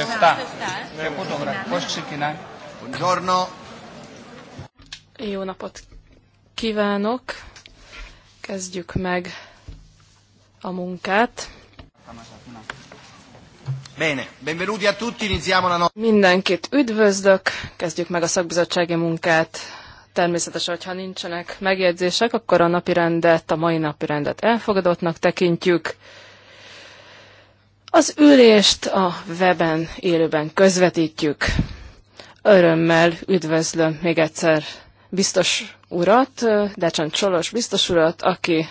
το 7. Και πού το γράφει, πώς ξεκινάει. Buongiorno. Jó napot kívánok! Kezdjük meg a munkát. Bene, benvenuti a tutti, iniziamo la nostra... Mindenkit üdvözlök, kezdjük meg a szakbizottsági munkát. Természetesen, hogyha nincsenek megjegyzések, akkor a napirendet, a mai napirendet elfogadottnak tekintjük. Az ülést a weben élőben közvetítjük. Örömmel üdvözlöm még egyszer biztos urat, csak Csolos biztos urat, aki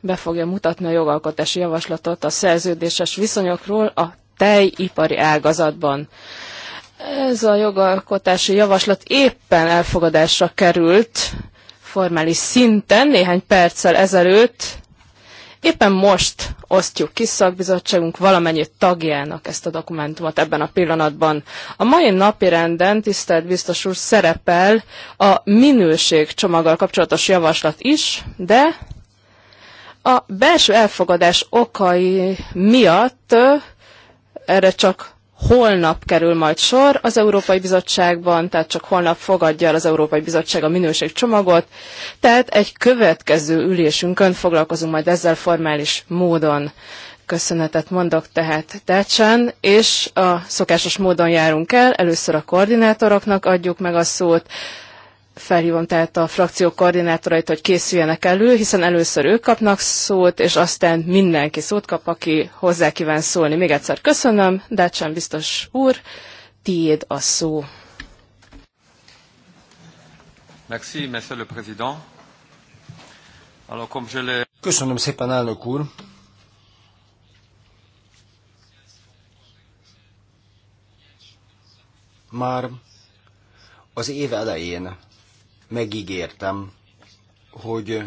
be fogja mutatni a jogalkotási javaslatot a szerződéses viszonyokról a tejipari ágazatban. Ez a jogalkotási javaslat éppen elfogadásra került formális szinten néhány perccel ezelőtt, Éppen most osztjuk ki szakbizottságunk valamennyi tagjának ezt a dokumentumot ebben a pillanatban. A mai napi renden, tisztelt biztos úr, szerepel a minőségcsomaggal kapcsolatos javaslat is, de a belső elfogadás okai miatt erre csak holnap kerül majd sor az Európai Bizottságban, tehát csak holnap fogadja el az Európai Bizottság a minőségcsomagot, tehát egy következő ülésünkön foglalkozunk majd ezzel formális módon. Köszönetet mondok tehát Dácsán, és a szokásos módon járunk el, először a koordinátoroknak adjuk meg a szót, Felhívom tehát a frakció koordinátorait, hogy készüljenek elő, hiszen először ők kapnak szót, és aztán mindenki szót kap, aki hozzá kíván szólni. Még egyszer köszönöm, Dácsán biztos úr, tiéd a szó. Merci, monsieur le président. Alors, comme je le... Köszönöm szépen, elnök úr. Már az év elején megígértem, hogy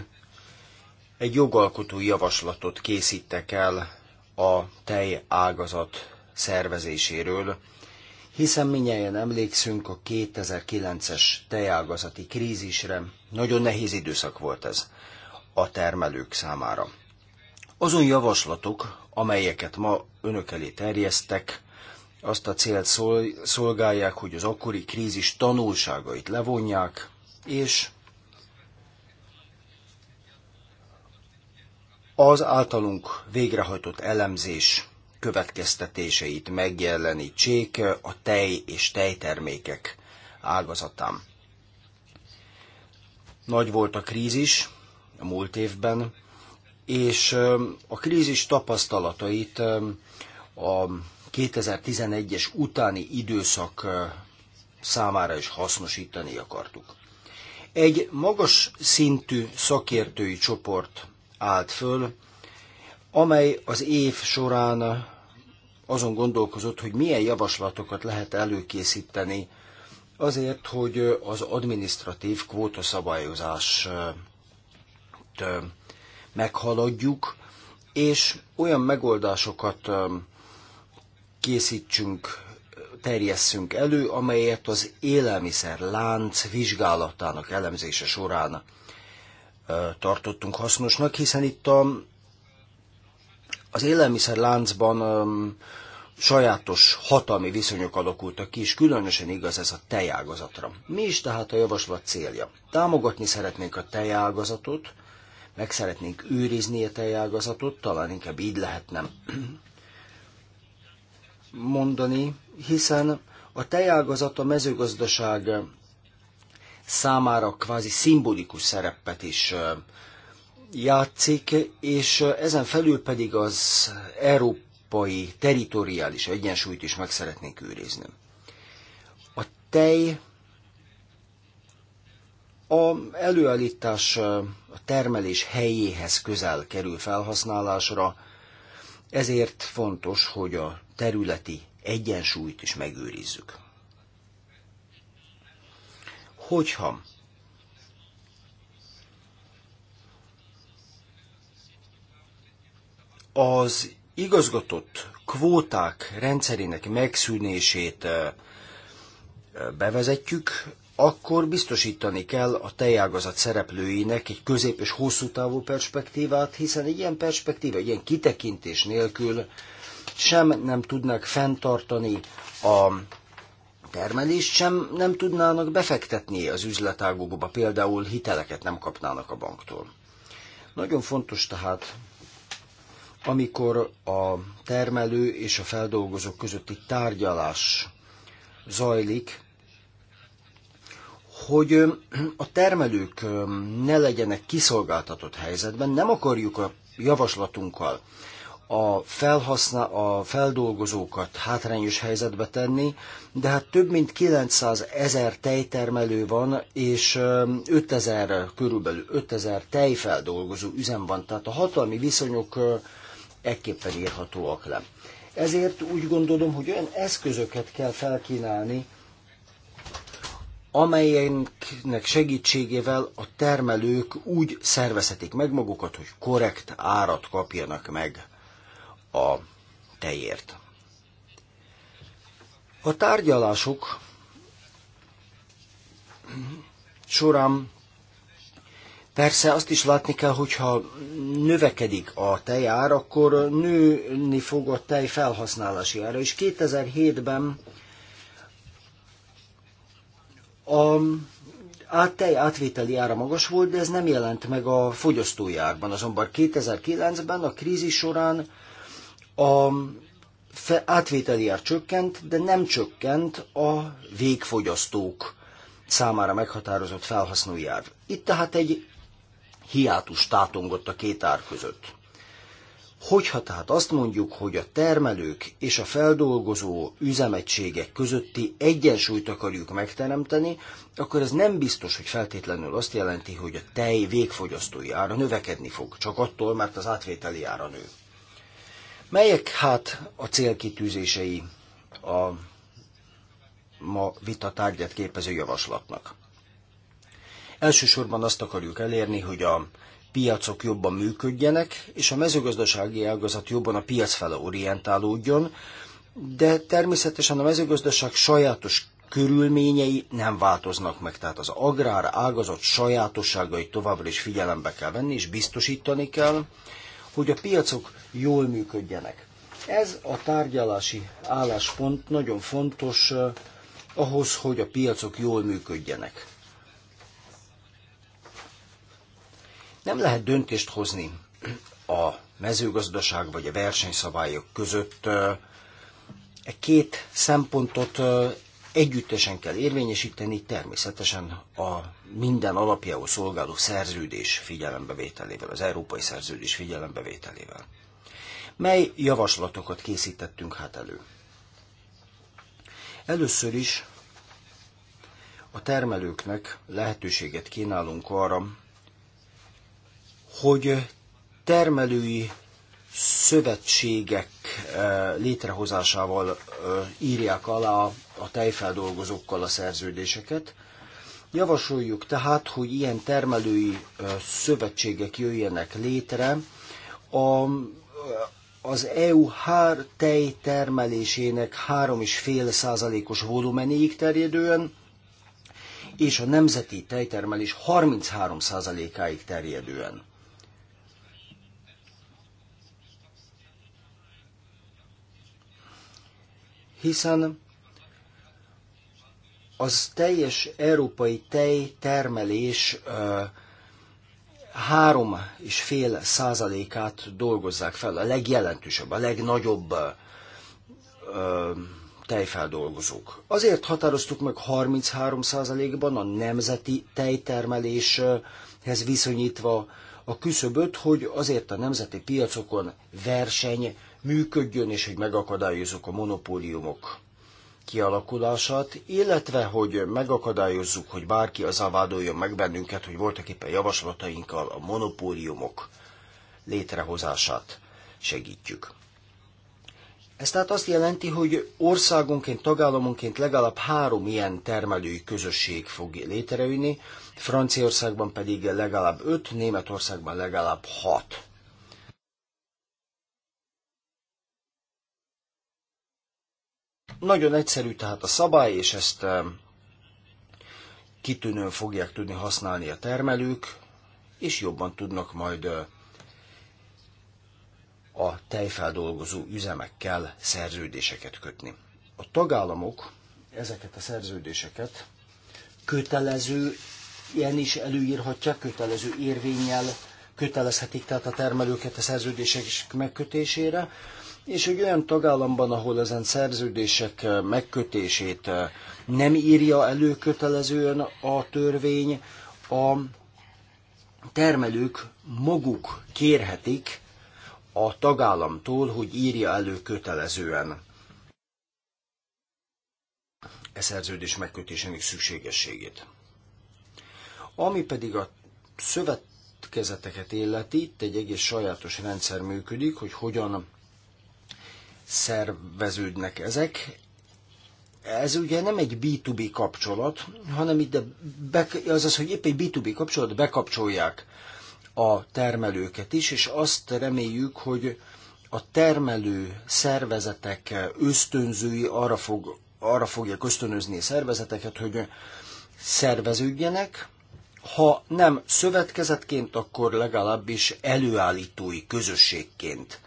egy jogalkotó javaslatot készítek el a tej ágazat szervezéséről, hiszen minnyáján emlékszünk a 2009-es tejágazati krízisre, nagyon nehéz időszak volt ez a termelők számára. Azon javaslatok, amelyeket ma önök elé terjesztek, azt a célt szolgálják, hogy az akkori krízis tanulságait levonják, és az általunk végrehajtott elemzés következtetéseit megjelenítsék a tej és tejtermékek ágazatán. Nagy volt a krízis a múlt évben, és a krízis tapasztalatait a 2011-es utáni időszak számára is hasznosítani akartuk. Egy magas szintű szakértői csoport állt föl, amely az év során azon gondolkozott, hogy milyen javaslatokat lehet előkészíteni azért, hogy az administratív kvótaszabályozást meghaladjuk, és olyan megoldásokat készítsünk terjesszünk elő, amelyet az élelmiszer lánc vizsgálatának elemzése során tartottunk hasznosnak, hiszen itt a, az élelmiszer láncban sajátos hatalmi viszonyok alakultak ki, és különösen igaz ez a tejágazatra. Mi is tehát a javaslat célja? Támogatni szeretnénk a tejágazatot, meg szeretnénk őrizni a tejágazatot, talán inkább így lehetne mondani, hiszen a tejágazat a mezőgazdaság számára kvázi szimbolikus szerepet is játszik, és ezen felül pedig az európai teritoriális egyensúlyt is meg szeretnénk őrizni. A tej a előállítás a termelés helyéhez közel kerül felhasználásra, ezért fontos, hogy a területi egyensúlyt is megőrizzük. Hogyha az igazgatott kvóták rendszerének megszűnését bevezetjük, akkor biztosítani kell a tejágazat szereplőinek egy közép- és hosszú távú perspektívát, hiszen egy ilyen perspektíva, egy ilyen kitekintés nélkül sem nem tudnak fenntartani a termelést, sem nem tudnának befektetni az üzletágokba, például hiteleket nem kapnának a banktól. Nagyon fontos tehát, amikor a termelő és a feldolgozó közötti tárgyalás zajlik, hogy a termelők ne legyenek kiszolgáltatott helyzetben, nem akarjuk a javaslatunkkal a, felhasznál, a feldolgozókat hátrányos helyzetbe tenni, de hát több mint 900 ezer tejtermelő van, és 5000, körülbelül 5000 tejfeldolgozó üzem van, tehát a hatalmi viszonyok ekképpen írhatóak le. Ezért úgy gondolom, hogy olyan eszközöket kell felkínálni, amelyeknek segítségével a termelők úgy szervezhetik meg magukat, hogy korrekt árat kapjanak meg a tejért. A tárgyalások során Persze azt is látni kell, hogyha növekedik a tejár, akkor nőni fog a tej felhasználási ára. És 2007-ben a át, tej átvételi ára magas volt, de ez nem jelent meg a fogyasztói árban. Azonban 2009-ben a krízis során a átvételi ár csökkent, de nem csökkent a végfogyasztók számára meghatározott felhasználói ár. Itt tehát egy hiátus tátongott a két ár között. Hogyha tehát azt mondjuk, hogy a termelők és a feldolgozó üzemegységek közötti egyensúlyt akarjuk megteremteni, akkor ez nem biztos, hogy feltétlenül azt jelenti, hogy a tej végfogyasztói ára növekedni fog, csak attól, mert az átvételi ára nő. Melyek hát a célkitűzései a ma vita tárgyát képező javaslatnak? Elsősorban azt akarjuk elérni, hogy a piacok jobban működjenek, és a mezőgazdasági ágazat jobban a piac fele orientálódjon, de természetesen a mezőgazdaság sajátos körülményei nem változnak meg, tehát az agrár ágazat sajátosságait továbbra is figyelembe kell venni, és biztosítani kell, hogy a piacok jól működjenek. Ez a tárgyalási álláspont nagyon fontos eh, ahhoz, hogy a piacok jól működjenek. Nem lehet döntést hozni a mezőgazdaság vagy a versenyszabályok között. Eh, e két szempontot eh, együttesen kell érvényesíteni, természetesen a minden alapjául szolgáló szerződés figyelembevételével, az európai szerződés figyelembevételével. Mely javaslatokat készítettünk hát elő? Először is a termelőknek lehetőséget kínálunk arra, hogy termelői szövetségek eh, létrehozásával eh, írják alá a tejfeldolgozókkal a szerződéseket. Javasoljuk tehát, hogy ilyen termelői eh, szövetségek jöjjenek létre a az EU hár tej termelésének 3,5 százalékos volumenéig terjedően, és a nemzeti tejtermelés 33 százalékáig terjedően. Hiszen az teljes európai tejtermelés termelés három és fél százalékát dolgozzák fel, a legjelentősebb, a legnagyobb ö, tejfeldolgozók. Azért határoztuk meg 33 százalékban a nemzeti tejtermeléshez viszonyítva a küszöböt, hogy azért a nemzeti piacokon verseny működjön, és hogy megakadályozzuk a monopóliumok kialakulását, illetve hogy megakadályozzuk, hogy bárki azzal vádoljon meg bennünket, hogy voltak éppen javaslatainkkal a monopóliumok létrehozását segítjük. Ez tehát azt jelenti, hogy országonként, tagállamonként legalább három ilyen termelői közösség fog létrejönni, Franciaországban pedig legalább öt, Németországban legalább hat. Nagyon egyszerű tehát a szabály, és ezt eh, kitűnően fogják tudni használni a termelők, és jobban tudnak majd eh, a tejfeldolgozó üzemekkel szerződéseket kötni. A tagállamok ezeket a szerződéseket kötelező, ilyen is előírhatják, kötelező érvényel kötelezhetik tehát a termelőket a szerződések megkötésére, és egy olyan tagállamban, ahol ezen szerződések eh, megkötését eh, nem írja előkötelezően a törvény, a termelők maguk kérhetik a tagállamtól, hogy írja előkötelezően e szerződés megkötésének szükségességét. Ami pedig a szövetkezeteket illeti, itt egy egész sajátos rendszer működik, hogy hogyan szerveződnek ezek. Ez ugye nem egy B2B kapcsolat, hanem itt be, az az, hogy épp egy B2B kapcsolat bekapcsolják a termelőket is, és azt reméljük, hogy a termelő szervezetek ösztönzői arra, fog, arra fogják ösztönözni a szervezeteket, hogy szerveződjenek, ha nem szövetkezetként, akkor legalábbis előállítói közösségként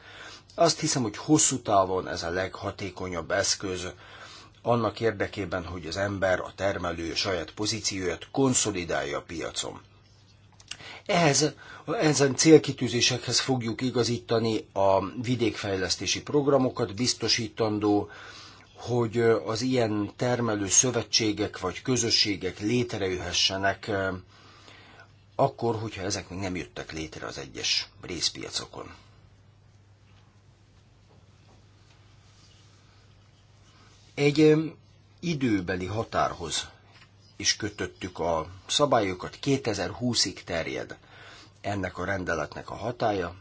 azt hiszem, hogy hosszú távon ez a leghatékonyabb eszköz annak érdekében, hogy az ember, a termelő saját pozícióját konszolidálja a piacon. Ehhez, ezen célkitűzésekhez fogjuk igazítani a vidékfejlesztési programokat, biztosítandó, hogy az ilyen termelő szövetségek vagy közösségek létrejöhessenek, eh, akkor, hogyha ezek még nem jöttek létre az egyes részpiacokon. Egy időbeli határhoz is kötöttük a szabályokat, 2020-ig terjed ennek a rendeletnek a hatája.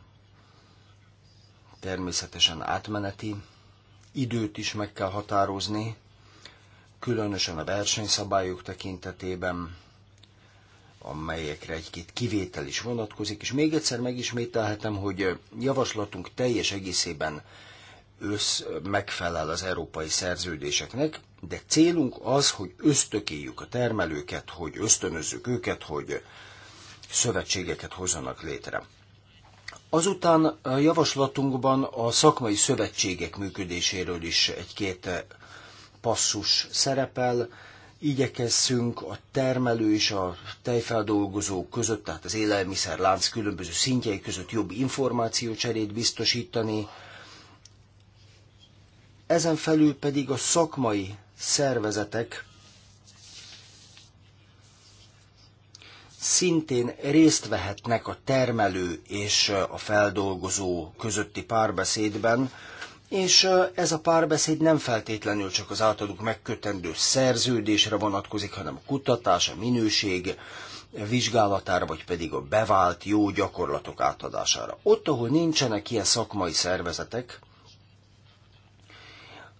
Természetesen átmeneti időt is meg kell határozni, különösen a versenyszabályok tekintetében, amelyekre egy-két kivétel is vonatkozik, és még egyszer megismételhetem, hogy javaslatunk teljes egészében össz, megfelel az európai szerződéseknek, de célunk az, hogy ösztökéljük a termelőket, hogy ösztönözzük őket, hogy szövetségeket hozzanak létre. Azután a javaslatunkban a szakmai szövetségek működéséről is egy-két passzus szerepel. Igyekezzünk a termelő és a tejfeldolgozó között, tehát az élelmiszerlánc különböző szintjei között jobb információcserét biztosítani, ezen felül pedig a szakmai szervezetek szintén részt vehetnek a termelő és eh, a feldolgozó közötti párbeszédben, és eh, ez a párbeszéd nem feltétlenül csak az általuk megkötendő szerződésre vonatkozik, hanem a kutatás, a minőség vizsgálatára, vagy pedig a bevált jó gyakorlatok átadására. Ott, ahol nincsenek ilyen szakmai szervezetek,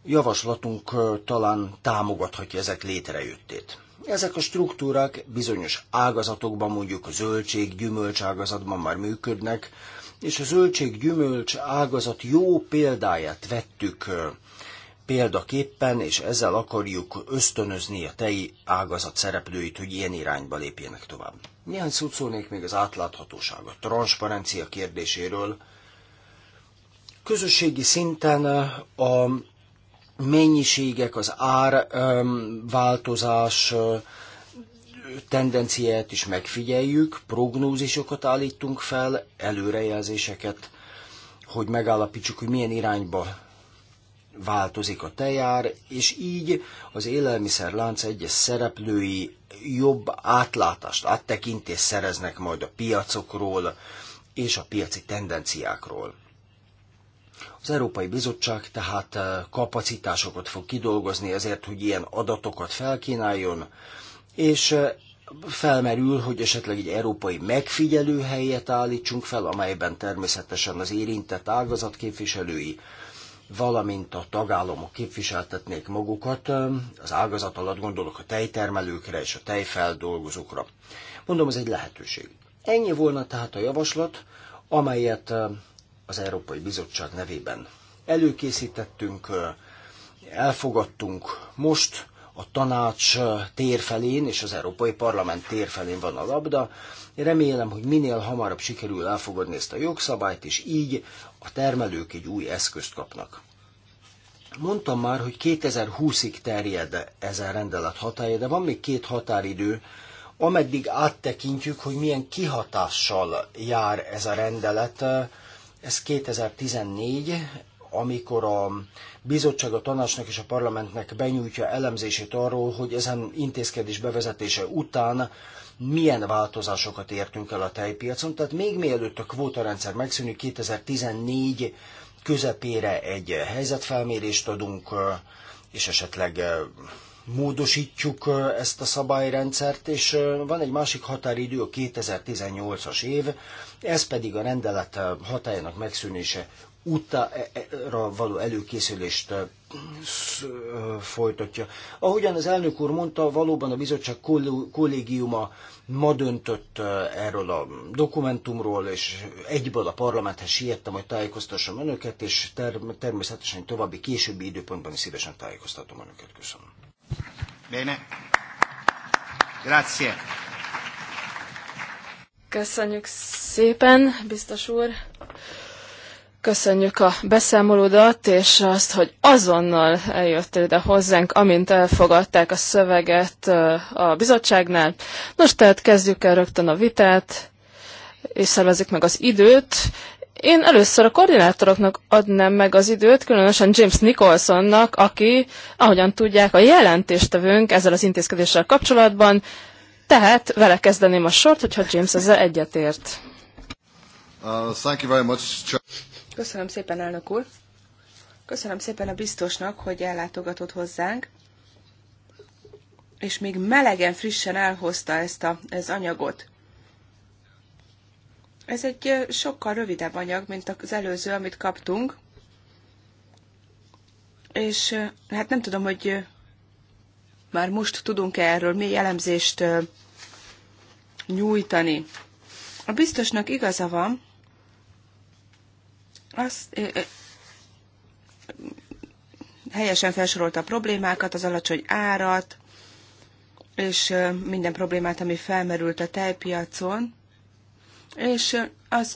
javaslatunk talán támogathatja ezek létrejöttét. Ezek a struktúrák bizonyos ágazatokban, mondjuk a zöldség-gyümölcs ágazatban már működnek, és a zöldség-gyümölcs ágazat jó példáját vettük példaképpen, és ezzel akarjuk ösztönözni a tei ágazat szereplőit, hogy ilyen irányba lépjenek tovább. Néhány szót szólnék még az átláthatóság, a transzparencia kérdéséről. Közösségi szinten a mennyiségek, az ár um, változás tendenciáját is megfigyeljük, prognózisokat állítunk fel, előrejelzéseket, hogy megállapítsuk, hogy milyen irányba változik a tejár, és így az élelmiszerlánc egyes szereplői jobb átlátást, áttekintést szereznek majd a piacokról és a piaci tendenciákról. Az Európai Bizottság tehát eh, kapacitásokat fog kidolgozni ezért, hogy ilyen adatokat felkínáljon, és eh, felmerül, hogy esetleg egy európai megfigyelő helyet állítsunk fel, amelyben természetesen az érintett ágazat képviselői, valamint a tagállamok képviseltetnék magukat, eh, az ágazat alatt gondolok a tejtermelőkre és a tejfeldolgozókra. Mondom, ez egy lehetőség. Ennyi volna tehát a javaslat, amelyet az Európai Bizottság nevében. Előkészítettünk, elfogadtunk, most a tanács térfelén és az Európai Parlament térfelén van a labda. Remélem, hogy minél hamarabb sikerül elfogadni ezt a jogszabályt, és így a termelők egy új eszközt kapnak. Mondtam már, hogy 2020-ig terjed ez a rendelet hatája, de van még két határidő, ameddig áttekintjük, hogy milyen kihatással jár ez a rendelet ez 2014, amikor a bizottság a tanácsnak és a parlamentnek benyújtja elemzését arról, hogy ezen intézkedés bevezetése után milyen változásokat értünk el a tejpiacon. Tehát még mielőtt a kvótarendszer megszűnik, 2014 közepére egy helyzetfelmérést adunk, és esetleg módosítjuk ezt a szabályrendszert, és van egy másik határidő, a 2018-as év, ez pedig a rendelet hatájának megszűnése utára e, e, való előkészülést folytatja. Ahogyan az elnök úr mondta, valóban a bizottság kollégiuma ma döntött erről a dokumentumról, és egyből a parlamenthez siettem, hogy tájékoztassam önöket, és természetesen további későbbi időpontban is szívesen tájékoztatom önöket. Köszönöm. Bene. Grazie. Köszönjük szépen, biztos úr. Köszönjük a beszámolódat, és azt, hogy azonnal eljöttél ide hozzánk, amint elfogadták a szöveget a bizottságnál. Nos, tehát kezdjük el rögtön a vitát, és szervezzük meg az időt. Én először a koordinátoroknak adnám meg az időt, különösen James Nicholsonnak, aki, ahogyan tudják, a jelentéstevőnk ezzel az intézkedéssel kapcsolatban, tehát vele kezdeném a sort, hogyha James ezzel egyetért. Uh, thank you very much. Köszönöm szépen, elnök úr. Köszönöm szépen a biztosnak, hogy ellátogatott hozzánk, és még melegen, frissen elhozta ezt a, az anyagot. Ez egy sokkal rövidebb anyag, mint az előző, amit kaptunk. És hát nem tudom, hogy már most tudunk-e erről mi elemzést nyújtani. A biztosnak igaza van, az helyesen felsorolta a problémákat, az alacsony árat, és minden problémát, ami felmerült a tejpiacon, és az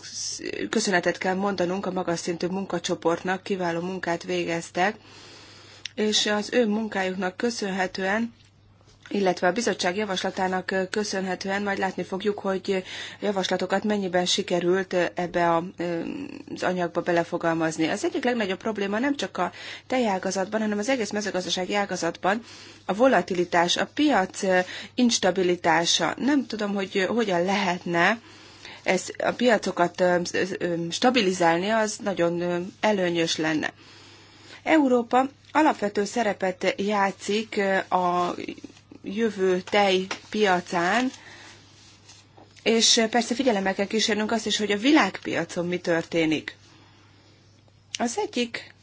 köszönetet kell mondanunk a magas szintű munkacsoportnak, kiváló munkát végeztek, és az ő munkájuknak köszönhetően illetve a bizottság javaslatának köszönhetően majd látni fogjuk, hogy javaslatokat mennyiben sikerült ebbe a, az anyagba belefogalmazni. Az egyik legnagyobb probléma nem csak a tejágazatban, hanem az egész mezőgazdasági ágazatban a volatilitás, a piac instabilitása. Nem tudom, hogy hogyan lehetne ez a piacokat stabilizálni, az nagyon előnyös lenne. Európa alapvető szerepet játszik a jövő tej piacán, és persze figyelemmel kell kísérnünk azt is, hogy a világpiacon mi történik. Az egyik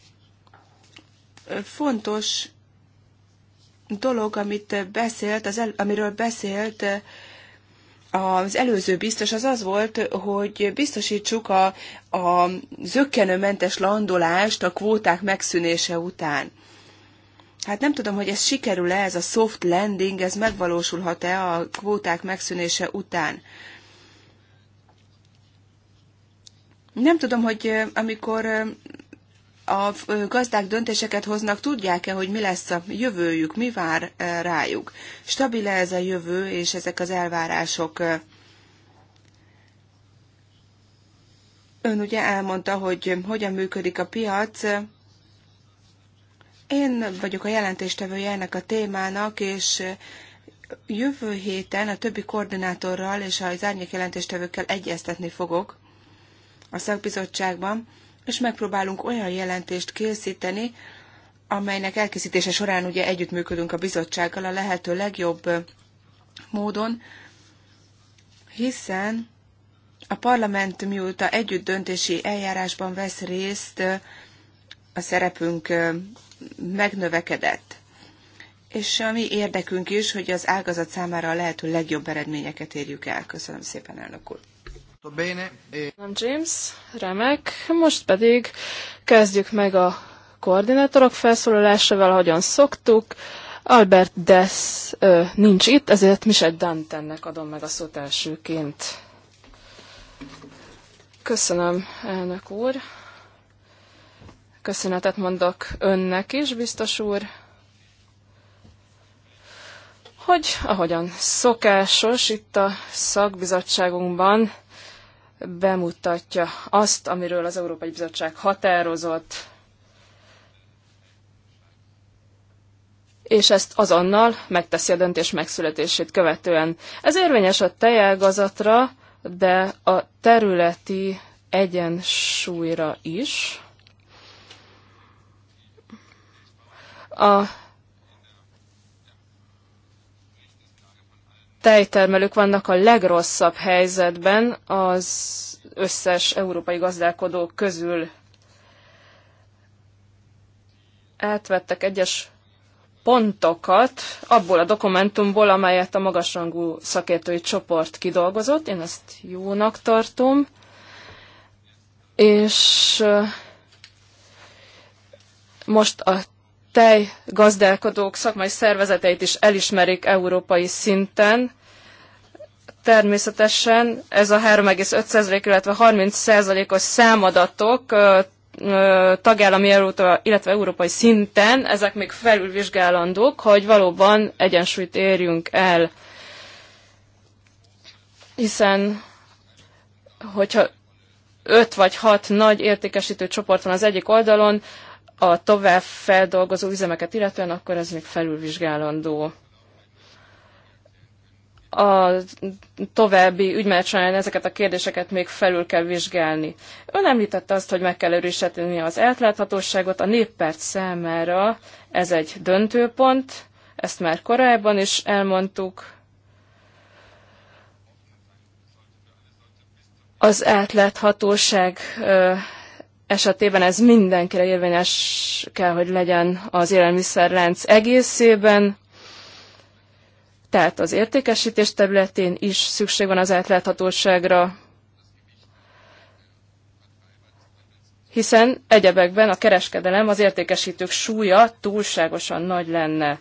fontos dolog, amit beszélt, az el, amiről beszélt az előző biztos az az volt, hogy biztosítsuk a, a zöggenőmentes landolást a kvóták megszűnése után. Hát nem tudom, hogy ez sikerül-e, ez a soft landing, ez megvalósulhat-e a kvóták megszűnése után. Nem tudom, hogy eh, amikor eh, a gazdák döntéseket hoznak, tudják-e, hogy mi lesz a jövőjük, mi vár e, rájuk. stabil -e ez a jövő, és ezek az elvárások e, Ön ugye elmondta, hogy hogyan működik a piac. Én vagyok a jelentéstevője ennek a témának, és jövő héten a többi koordinátorral és az árnyék jelentéstevőkkel egyeztetni fogok a szakbizottságban, és megpróbálunk olyan jelentést készíteni, amelynek elkészítése során ugye együttműködünk a bizottsággal a lehető legjobb módon, hiszen a parlament mióta együtt döntési eljárásban vesz részt, a szerepünk megnövekedett. És a mi érdekünk is, hogy az ágazat számára a lehető legjobb eredményeket érjük el. Köszönöm szépen, elnök úr. Bene. E- Nem James, remek. Most pedig kezdjük meg a koordinátorok felszólalásával, ahogyan szoktuk. Albert Dess ö, nincs itt, ezért Michel Dantennek adom meg a szót elsőként. Köszönöm, elnök úr. Köszönetet mondok önnek is, biztos úr, hogy ahogyan szokásos itt a szakbizottságunkban, bemutatja azt, amiről az Európai Bizottság határozott, és ezt azonnal megteszi a döntés megszületését követően. Ez érvényes a tejágazatra, de a területi egyensúlyra is. A tejtermelők vannak a legrosszabb helyzetben az összes európai gazdálkodó közül. Átvettek egyes pontokat abból a dokumentumból, amelyet a magasrangú szakértői csoport kidolgozott. Én ezt jónak tartom. És most a tejgazdálkodók szakmai szervezeteit is elismerik európai szinten. Természetesen ez a 3,5% illetve 30%-os számadatok tagállami, illetve európai szinten, ezek még felülvizsgálandók, hogy valóban egyensúlyt érjünk el. Hiszen, hogyha öt vagy hat nagy értékesítő csoport van az egyik oldalon, a tovább feldolgozó üzemeket illetően, akkor ez még felülvizsgálandó. A további ügymenet során ezeket a kérdéseket még felül kell vizsgálni. Ön említette azt, hogy meg kell erősíteni az átláthatóságot. A néppárt számára ez egy döntőpont, ezt már korábban is elmondtuk, az átláthatóság esetében ez mindenkire érvényes kell, hogy legyen az élelmiszerlánc egészében, tehát az értékesítés területén is szükség van az átláthatóságra, hiszen egyebekben a kereskedelem, az értékesítők súlya túlságosan nagy lenne.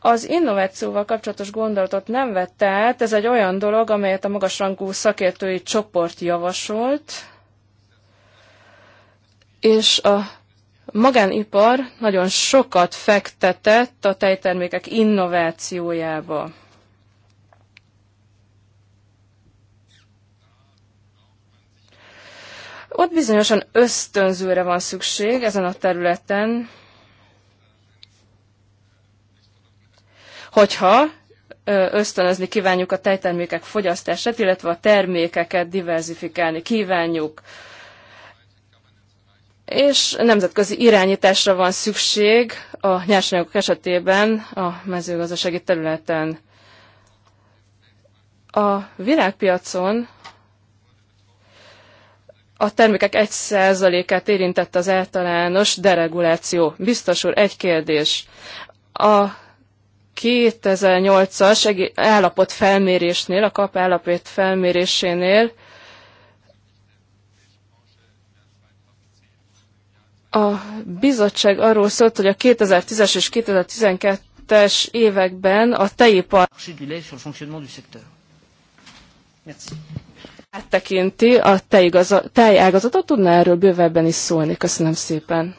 Az innovációval kapcsolatos gondolatot nem vette át, ez egy olyan dolog, amelyet a magasrangú szakértői csoport javasolt, és a magánipar nagyon sokat fektetett a tejtermékek innovációjába. Ott bizonyosan ösztönzőre van szükség ezen a területen, hogyha ösztönözni kívánjuk a tejtermékek fogyasztását, illetve a termékeket diversifikálni kívánjuk és nemzetközi irányításra van szükség a nyersanyagok esetében a mezőgazdasági területen. A világpiacon a termékek 1%-át érintett az általános dereguláció. Biztos úr, egy kérdés. A 2008-as állapot felmérésnél, a kap állapot felmérésénél A bizottság arról szólt, hogy a 2010-es és 2012-es években a tejipar áttekinti a tejágazatot. Tudná erről bővebben is szólni? Köszönöm szépen.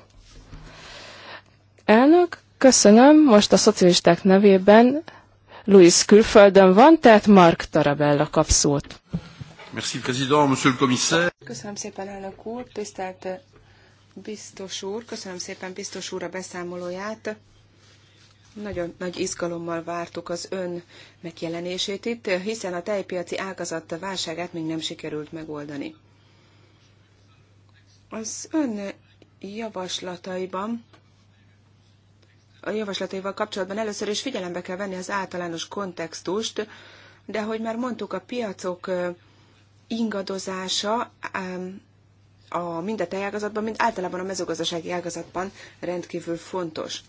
Elnök, köszönöm. Most a szocialisták nevében Louis külföldön van, tehát Mark Tarabella kap szót. Merci, président, monsieur le commissaire. Köszönöm szépen, elnök úr, tisztelt Biztos úr, köszönöm szépen biztos úr a beszámolóját. Nagyon nagy izgalommal vártuk az ön megjelenését itt, hiszen a tejpiaci ágazat válságát még nem sikerült megoldani. Az ön javaslataiban a javaslataival kapcsolatban először is figyelembe kell venni az általános kontextust, de ahogy már mondtuk, a piacok ingadozása a, mind a tejágazatban, mind általában a mezőgazdasági ágazatban rendkívül fontos.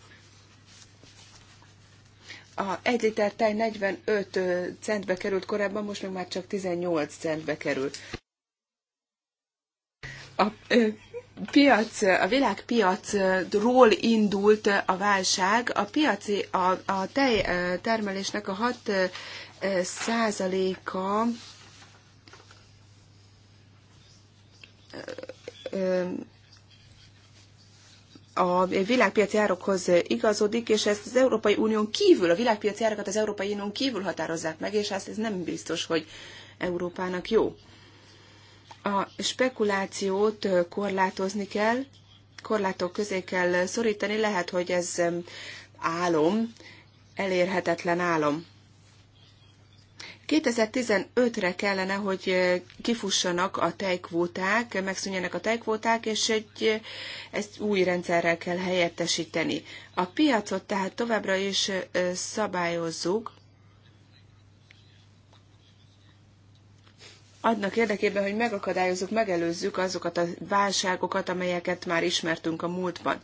A 1 liter tej 45 centbe került korábban, most meg már csak 18 centbe kerül. A ö, piac, a világpiacról indult a válság. A piaci, a, a tej termelésnek a 6 százaléka a világpiaci árokhoz igazodik, és ezt az Európai Unión kívül, a világpiaci árakat az Európai Unión kívül határozzák meg, és ezt hát ez nem biztos, hogy Európának jó. A spekulációt korlátozni kell, korlátok közé kell szorítani, lehet, hogy ez álom, elérhetetlen álom. 2015-re kellene, hogy eh, kifussanak a tejkvóták, megszűnjenek a tejkvóták, és egy, eh, ezt új rendszerrel kell helyettesíteni. A piacot tehát továbbra is eh, szabályozzuk, adnak érdekében, hogy megakadályozzuk, megelőzzük azokat a válságokat, amelyeket már ismertünk a múltban.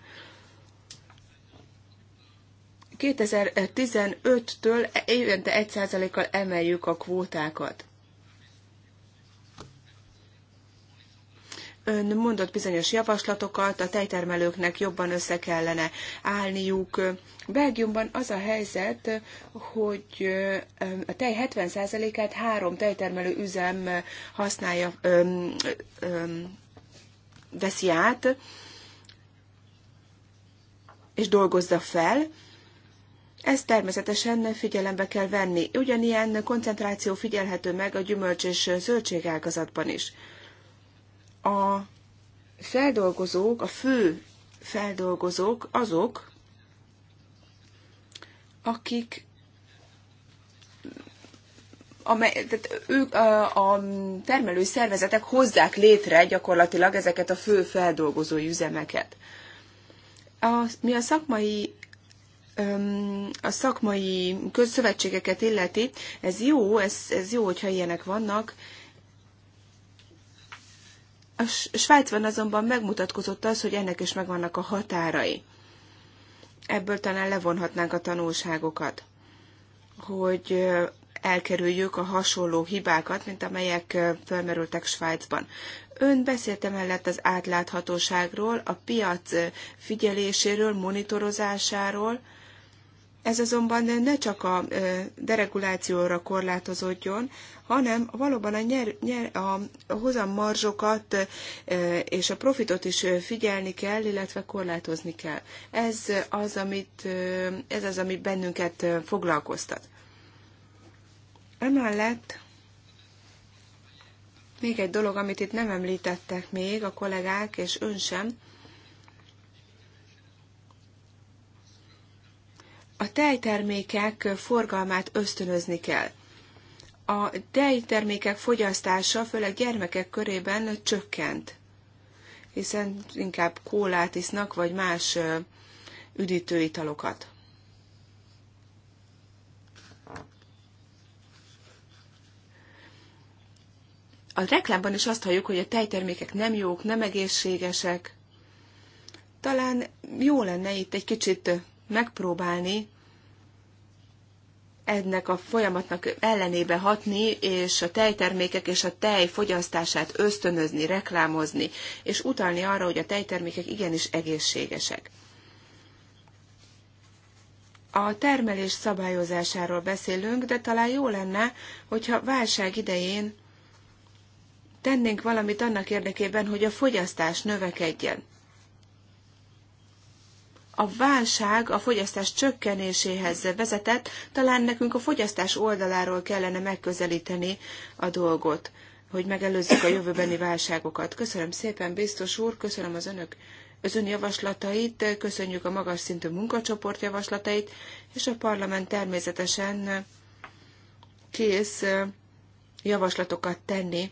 2015-től évente 1%-kal emeljük a kvótákat. Ön mondott bizonyos javaslatokat, a tejtermelőknek jobban össze kellene állniuk. Belgiumban az a helyzet, hogy a tej 70%-át három tejtermelő üzem használja, öm, öm, veszi át, és dolgozza fel ezt természetesen figyelembe kell venni. Ugyanilyen koncentráció figyelhető meg a gyümölcs és ágazatban is. A feldolgozók, a fő feldolgozók azok, akik amely, tehát ők, a, a termelői szervezetek hozzák létre gyakorlatilag ezeket a fő feldolgozói üzemeket. A, mi a szakmai a szakmai közszövetségeket illeti, ez jó, ez, ez jó, hogyha ilyenek vannak. A Svájcban azonban megmutatkozott az, hogy ennek is megvannak a határai. Ebből talán levonhatnánk a tanulságokat, hogy elkerüljük a hasonló hibákat, mint amelyek felmerültek Svájcban. Ön beszélt emellett az átláthatóságról, a piac figyeléséről, monitorozásáról, ez azonban ne csak a deregulációra korlátozódjon, hanem valóban a, nyer, nyer, a hozammarzsokat és a profitot is figyelni kell, illetve korlátozni kell. Ez az, amit, ez az, ami bennünket foglalkoztat. Emellett még egy dolog, amit itt nem említettek még a kollégák, és ön sem, A tejtermékek forgalmát ösztönözni kell. A tejtermékek fogyasztása főleg gyermekek körében csökkent, hiszen inkább kólát isznak, vagy más üdítőitalokat. a reklámban is azt halljuk, hogy a tejtermékek nem jók, nem egészségesek. Talán jó lenne itt egy kicsit megpróbálni ennek a folyamatnak ellenébe hatni, és a tejtermékek és a tej fogyasztását ösztönözni, reklámozni, és utalni arra, hogy a tejtermékek igenis egészségesek. A termelés szabályozásáról beszélünk, de talán jó lenne, hogyha válság idején tennénk valamit annak érdekében, hogy a fogyasztás növekedjen a válság a fogyasztás csökkenéséhez vezetett, talán nekünk a fogyasztás oldaláról kellene megközelíteni a dolgot, hogy megelőzzük a jövőbeni válságokat. Köszönöm szépen, biztos úr, köszönöm az önök az ön javaslatait, köszönjük a magas szintű munkacsoport javaslatait, és a parlament természetesen kész javaslatokat tenni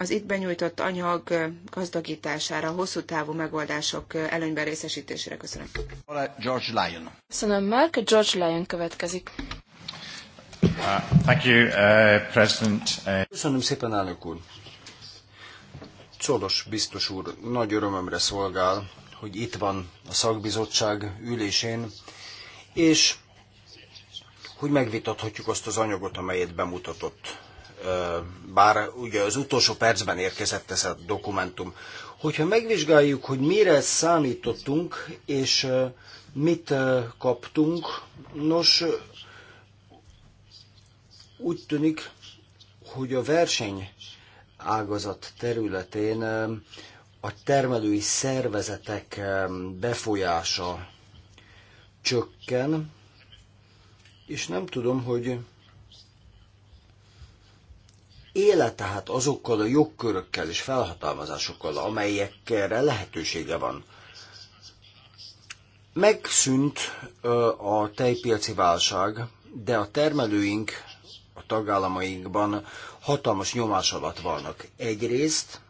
az itt benyújtott anyag gazdagítására, hosszú távú megoldások előnyben részesítésére. Köszönöm. George Lyon. Köszönöm, Mark. George Lyon következik. Uh, thank you, uh, President. Uh... Köszönöm szépen, elnök úr. Csolos biztos úr, nagy örömömre szolgál, hogy itt van a szakbizottság ülésén, és hogy megvitathatjuk azt az anyagot, amelyet bemutatott bár ugye az utolsó percben érkezett ez a dokumentum. Hogyha megvizsgáljuk, hogy mire számítottunk, és mit kaptunk, nos, úgy tűnik, hogy a verseny ágazat területén a termelői szervezetek befolyása csökken, és nem tudom, hogy éle tehát azokkal a jogkörökkel és felhatalmazásokkal, amelyekre lehetősége van. Megszűnt a tejpiaci válság, de a termelőink a tagállamainkban hatalmas nyomás alatt vannak. Egyrészt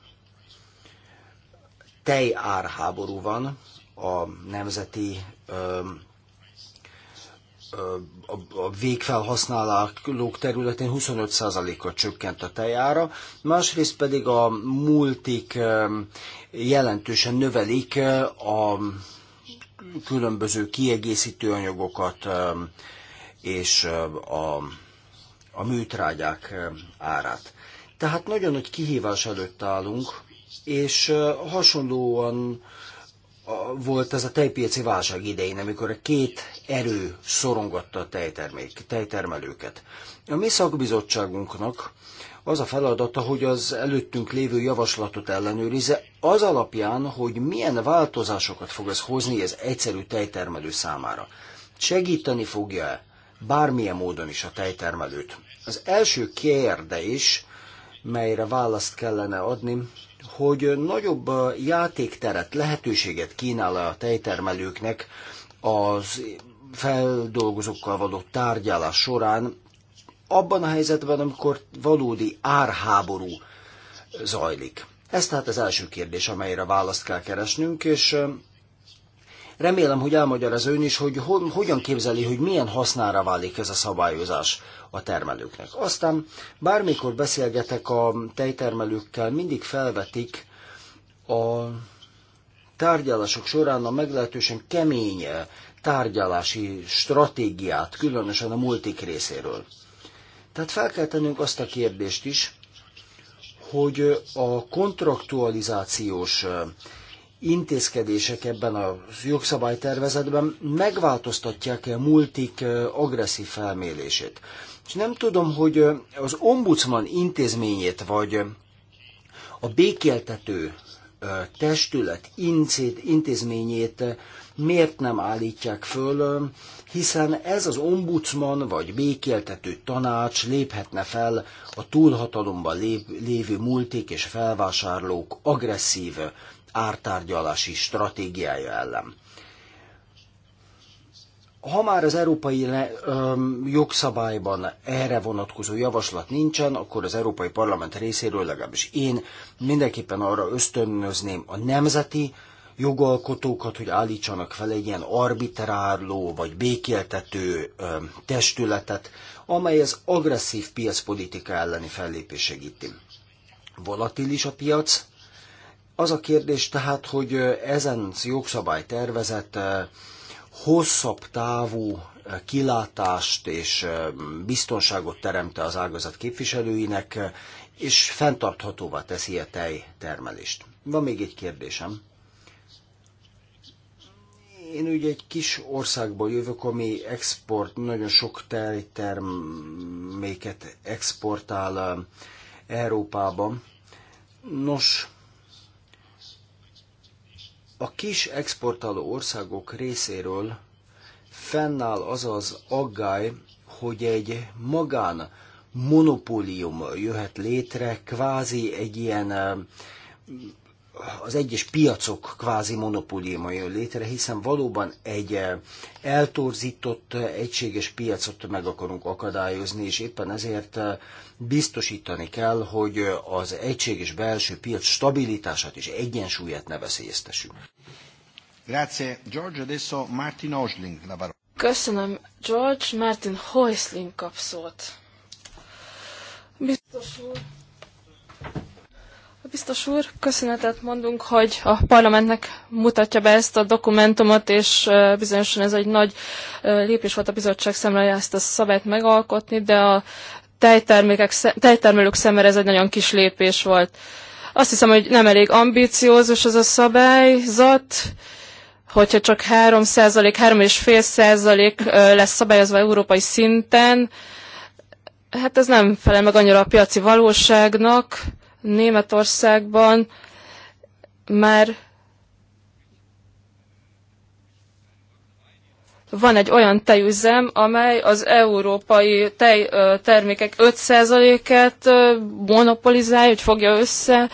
tejárháború van a nemzeti a végfelhasználók területén 25%-kal csökkent a tejára, másrészt pedig a multik jelentősen növelik a különböző kiegészítő anyagokat és a, a műtrágyák árát. Tehát nagyon nagy kihívás előtt állunk, és hasonlóan volt ez a tejpiaci válság idején, amikor a két erő szorongatta a tejtermék, tejtermelőket. A mi szakbizottságunknak az a feladata, hogy az előttünk lévő javaslatot ellenőrize, az alapján, hogy milyen változásokat fog ez hozni az egyszerű tejtermelő számára. Segíteni fogja-e bármilyen módon is a tejtermelőt? Az első kérdés melyre választ kellene adni, hogy nagyobb játékteret, lehetőséget kínál a tejtermelőknek az feldolgozókkal való tárgyalás során, abban a helyzetben, amikor valódi árháború zajlik. Ez tehát az első kérdés, amelyre választ kell keresnünk, és Remélem, hogy az ön is, hogy hogyan képzeli, hogy milyen hasznára válik ez a szabályozás a termelőknek. Aztán bármikor beszélgetek a tejtermelőkkel, mindig felvetik a tárgyalások során a meglehetősen kemény eh, tárgyalási stratégiát, különösen a multik részéről. Tehát fel kell tennünk azt a kérdést is, hogy a kontraktualizációs eh, intézkedések ebben a jogszabálytervezetben megváltoztatják-e multik agresszív felmérését. És nem tudom, hogy az ombudsman intézményét, vagy a békéltető testület intézményét miért nem állítják föl, hiszen ez az ombudsman vagy békéltető tanács léphetne fel a túlhatalomban lévő multik és felvásárlók agresszív ártárgyalási stratégiája ellen. Ha már az európai le, jogszabályban erre vonatkozó javaslat nincsen, akkor az Európai Parlament részéről legalábbis én mindenképpen arra ösztönözném a nemzeti jogalkotókat, hogy állítsanak fel egy ilyen arbitráló vagy békéltető testületet, amely az agresszív piacpolitika elleni fellépés segíti. Volatilis a piac, az a kérdés tehát, hogy ezen jogszabálytervezet hosszabb távú kilátást és biztonságot teremte az ágazat képviselőinek, és fenntarthatóvá teszi a tej termelést. Van még egy kérdésem. Én ugye egy kis országból jövök, ami export, nagyon sok tejterméket exportál Európában. Nos, a kis exportáló országok részéről fennáll az az aggály, hogy egy magán monopólium jöhet létre, kvázi egy ilyen az egyes piacok kvázi monopóliuma jön létre, hiszen valóban egy eh, eltorzított, eh, egységes piacot meg akarunk akadályozni, és éppen ezért eh, biztosítani kell, hogy az egységes belső piac stabilitását és egyensúlyát ne veszélyeztessük. Grazie, George. Adesso Martin Osling. Köszönöm, George. Martin Hoisling kap szót. Biztos úr. Biztos úr, köszönetet mondunk, hogy a parlamentnek mutatja be ezt a dokumentumot, és bizonyosan ez egy nagy lépés volt a bizottság szemre, ezt a szabályt megalkotni, de a tejtermékek, tejtermelők szemére ez egy nagyon kis lépés volt. Azt hiszem, hogy nem elég ambiciózus ez a szabályzat, hogyha csak 3 százalék, 3,5 százalék lesz szabályozva európai szinten, hát ez nem felel meg annyira a piaci valóságnak, Németországban már Van egy olyan tejüzem, amely az európai tej termékek 5%-et monopolizálja, hogy fogja össze.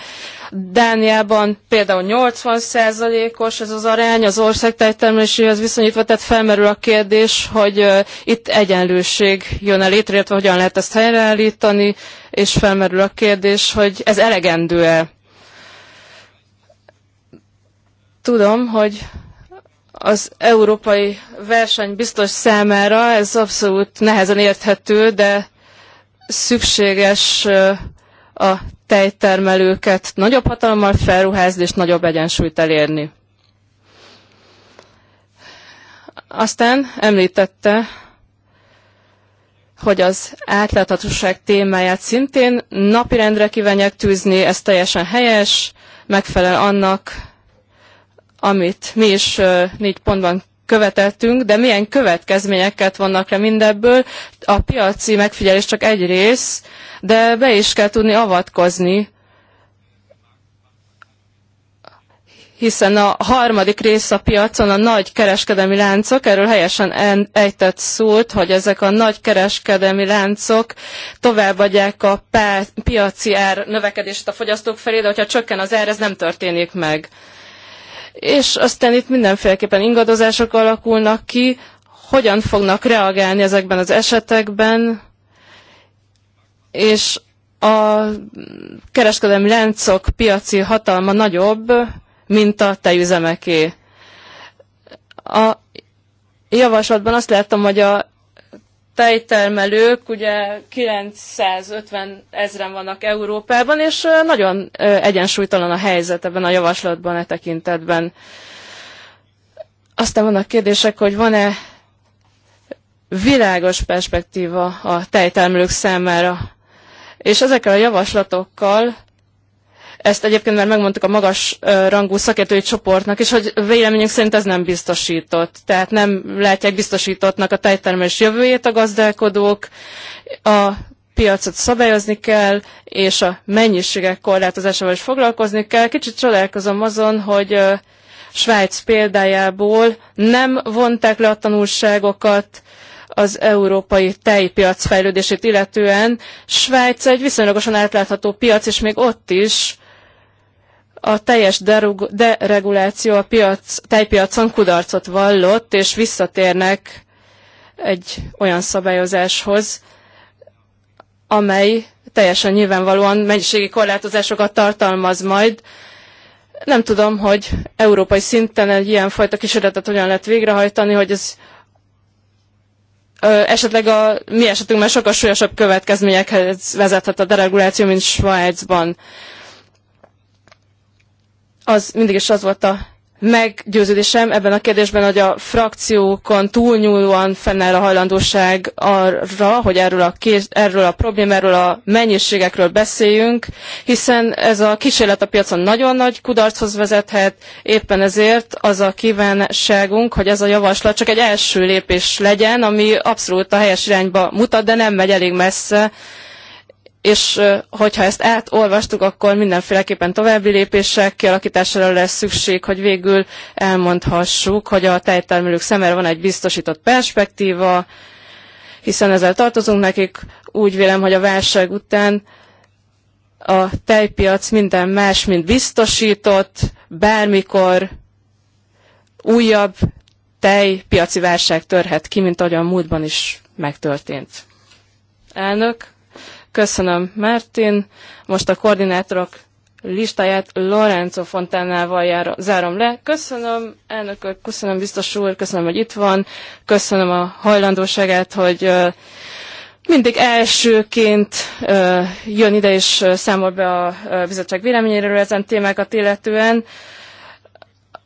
Dániában például 80%-os ez az arány az ország tejtermeléséhez viszonyítva, tehát felmerül a kérdés, hogy itt egyenlőség jön el létre, illetve hogyan lehet ezt helyreállítani, és felmerül a kérdés, hogy ez elegendő-e. Tudom, hogy az európai verseny biztos számára, ez abszolút nehezen érthető, de szükséges a tejtermelőket nagyobb hatalommal felruházni és nagyobb egyensúlyt elérni. Aztán említette, hogy az átláthatóság témáját szintén napirendre kívánják tűzni, ez teljesen helyes, megfelel annak, amit mi is négy pontban követeltünk, de milyen következményeket vannak le mindebből. A piaci megfigyelés csak egy rész, de be is kell tudni avatkozni, hiszen a harmadik rész a piacon a nagy kereskedelmi láncok, erről helyesen ejtett szót, hogy ezek a nagy kereskedelmi láncok továbbadják a piaci ár növekedését a fogyasztók felé, de hogyha csökken az ár, ez nem történik meg és aztán itt mindenféleképpen ingadozások alakulnak ki, hogyan fognak reagálni ezekben az esetekben, és a kereskedelmi láncok piaci hatalma nagyobb, mint a tejüzemeké. A javaslatban azt láttam, hogy a tejtermelők, ugye 950 ezren vannak Európában, és nagyon egyensúlytalan a helyzet ebben a javaslatban, e tekintetben. Aztán vannak kérdések, hogy van-e világos perspektíva a tejtermelők számára. És ezekkel a javaslatokkal ezt egyébként már megmondtuk a magas rangú szakértői csoportnak is, hogy véleményünk szerint ez nem biztosított. Tehát nem látják biztosítottnak a tejtermelés jövőjét a gazdálkodók, a piacot szabályozni kell, és a mennyiségek korlátozásával is foglalkozni kell. Kicsit csodálkozom azon, hogy Svájc példájából nem vonták le a tanulságokat, az európai tejpiac fejlődését illetően. Svájc egy viszonylagosan átlátható piac, és még ott is a teljes dereguláció a piac, tejpiacon kudarcot vallott, és visszatérnek egy olyan szabályozáshoz, amely teljesen nyilvánvalóan mennyiségi korlátozásokat tartalmaz majd. Nem tudom, hogy európai szinten egy fajta kísérletet hogyan lehet végrehajtani, hogy ez ö, esetleg a mi esetünkben sokkal súlyosabb következményekhez vezethet a dereguláció, mint Svájcban. Ö, az mindig is az volt a meggyőződésem ebben a kérdésben, hogy a frakciókon túlnyúlóan fennáll a hajlandóság arra, hogy erről a, kés, erről a problémáról, a mennyiségekről beszéljünk, hiszen ez a kísérlet a piacon nagyon nagy kudarchoz vezethet, éppen ezért az a kívánságunk, hogy ez a javaslat csak egy első lépés legyen, ami abszolút a helyes irányba mutat, de nem megy elég messze, és hogyha ezt átolvastuk, akkor mindenféleképpen további lépések kialakítására lesz szükség, hogy végül elmondhassuk, hogy a tejtermelők szemére van egy biztosított perspektíva, hiszen ezzel tartozunk nekik. Úgy vélem, hogy a válság után a tejpiac minden más, mint biztosított, bármikor újabb tejpiaci válság törhet ki, mint ahogy a múltban is megtörtént. Elnök. Köszönöm, Mertin. Most a koordinátorok listáját Lorenzo Fontánával jár, zárom le. Köszönöm, elnök úr, köszönöm, biztos úr, köszönöm, hogy itt van, köszönöm a hajlandóságát, hogy mindig elsőként jön ide és számol be a bizottság véleményéről ezen témákat illetően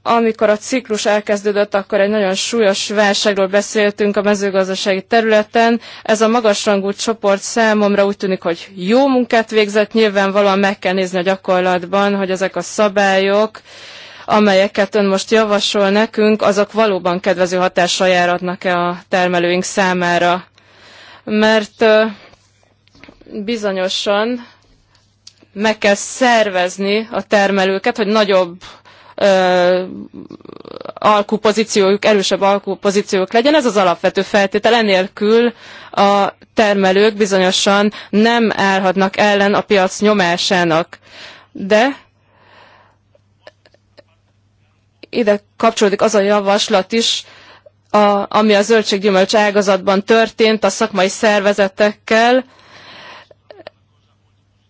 amikor a ciklus elkezdődött, akkor egy nagyon súlyos válságról beszéltünk a mezőgazdasági területen. Ez a magasrangú csoport számomra úgy tűnik, hogy jó munkát végzett, nyilvánvalóan meg kell nézni a gyakorlatban, hogy ezek a szabályok, amelyeket ön most javasol nekünk, azok valóban kedvező hatással járatnak-e a termelőink számára. Mert bizonyosan meg kell szervezni a termelőket, hogy nagyobb alkupozíciójuk, erősebb alkupozíciójuk legyen. Ez az alapvető feltétel. Enélkül a termelők bizonyosan nem állhatnak ellen a piac nyomásának. De ide kapcsolódik az a javaslat is, a, ami a zöldséggyümölcs ágazatban történt a szakmai szervezetekkel,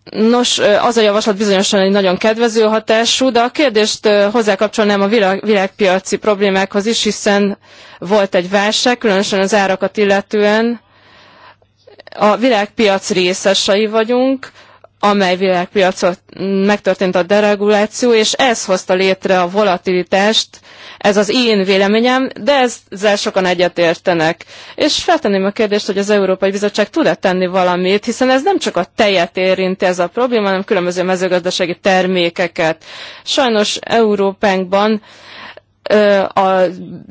Nos, az a javaslat bizonyosan egy nagyon kedvező hatású, de a kérdést hozzákapcsolnám a világ, világpiaci problémákhoz is, hiszen volt egy válság, különösen az árakat illetően. A világpiac részesei vagyunk, amely világpiacon megtörtént a dereguláció, és ez hozta létre a volatilitást, ez az én véleményem, de ezzel sokan egyetértenek. És feltenném a kérdést, hogy az Európai Bizottság tud-e tenni valamit, hiszen ez nem csak a tejet érinti ez a probléma, hanem különböző mezőgazdasági termékeket. Sajnos Európánkban az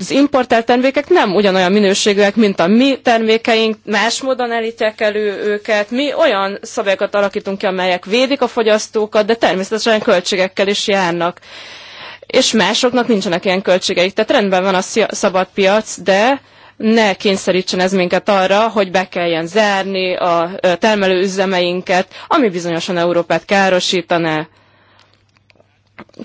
importált termékek nem ugyanolyan minőségűek, mint a mi termékeink, más módon elítják elő őket. Mi olyan szabályokat alakítunk ki, amelyek védik a fogyasztókat, de természetesen költségekkel is járnak és másoknak nincsenek ilyen költségeik. Tehát rendben van a szabad piac, de ne kényszerítsen ez minket arra, hogy be kelljen zárni a termelőüzemeinket, ami bizonyosan Európát károsítaná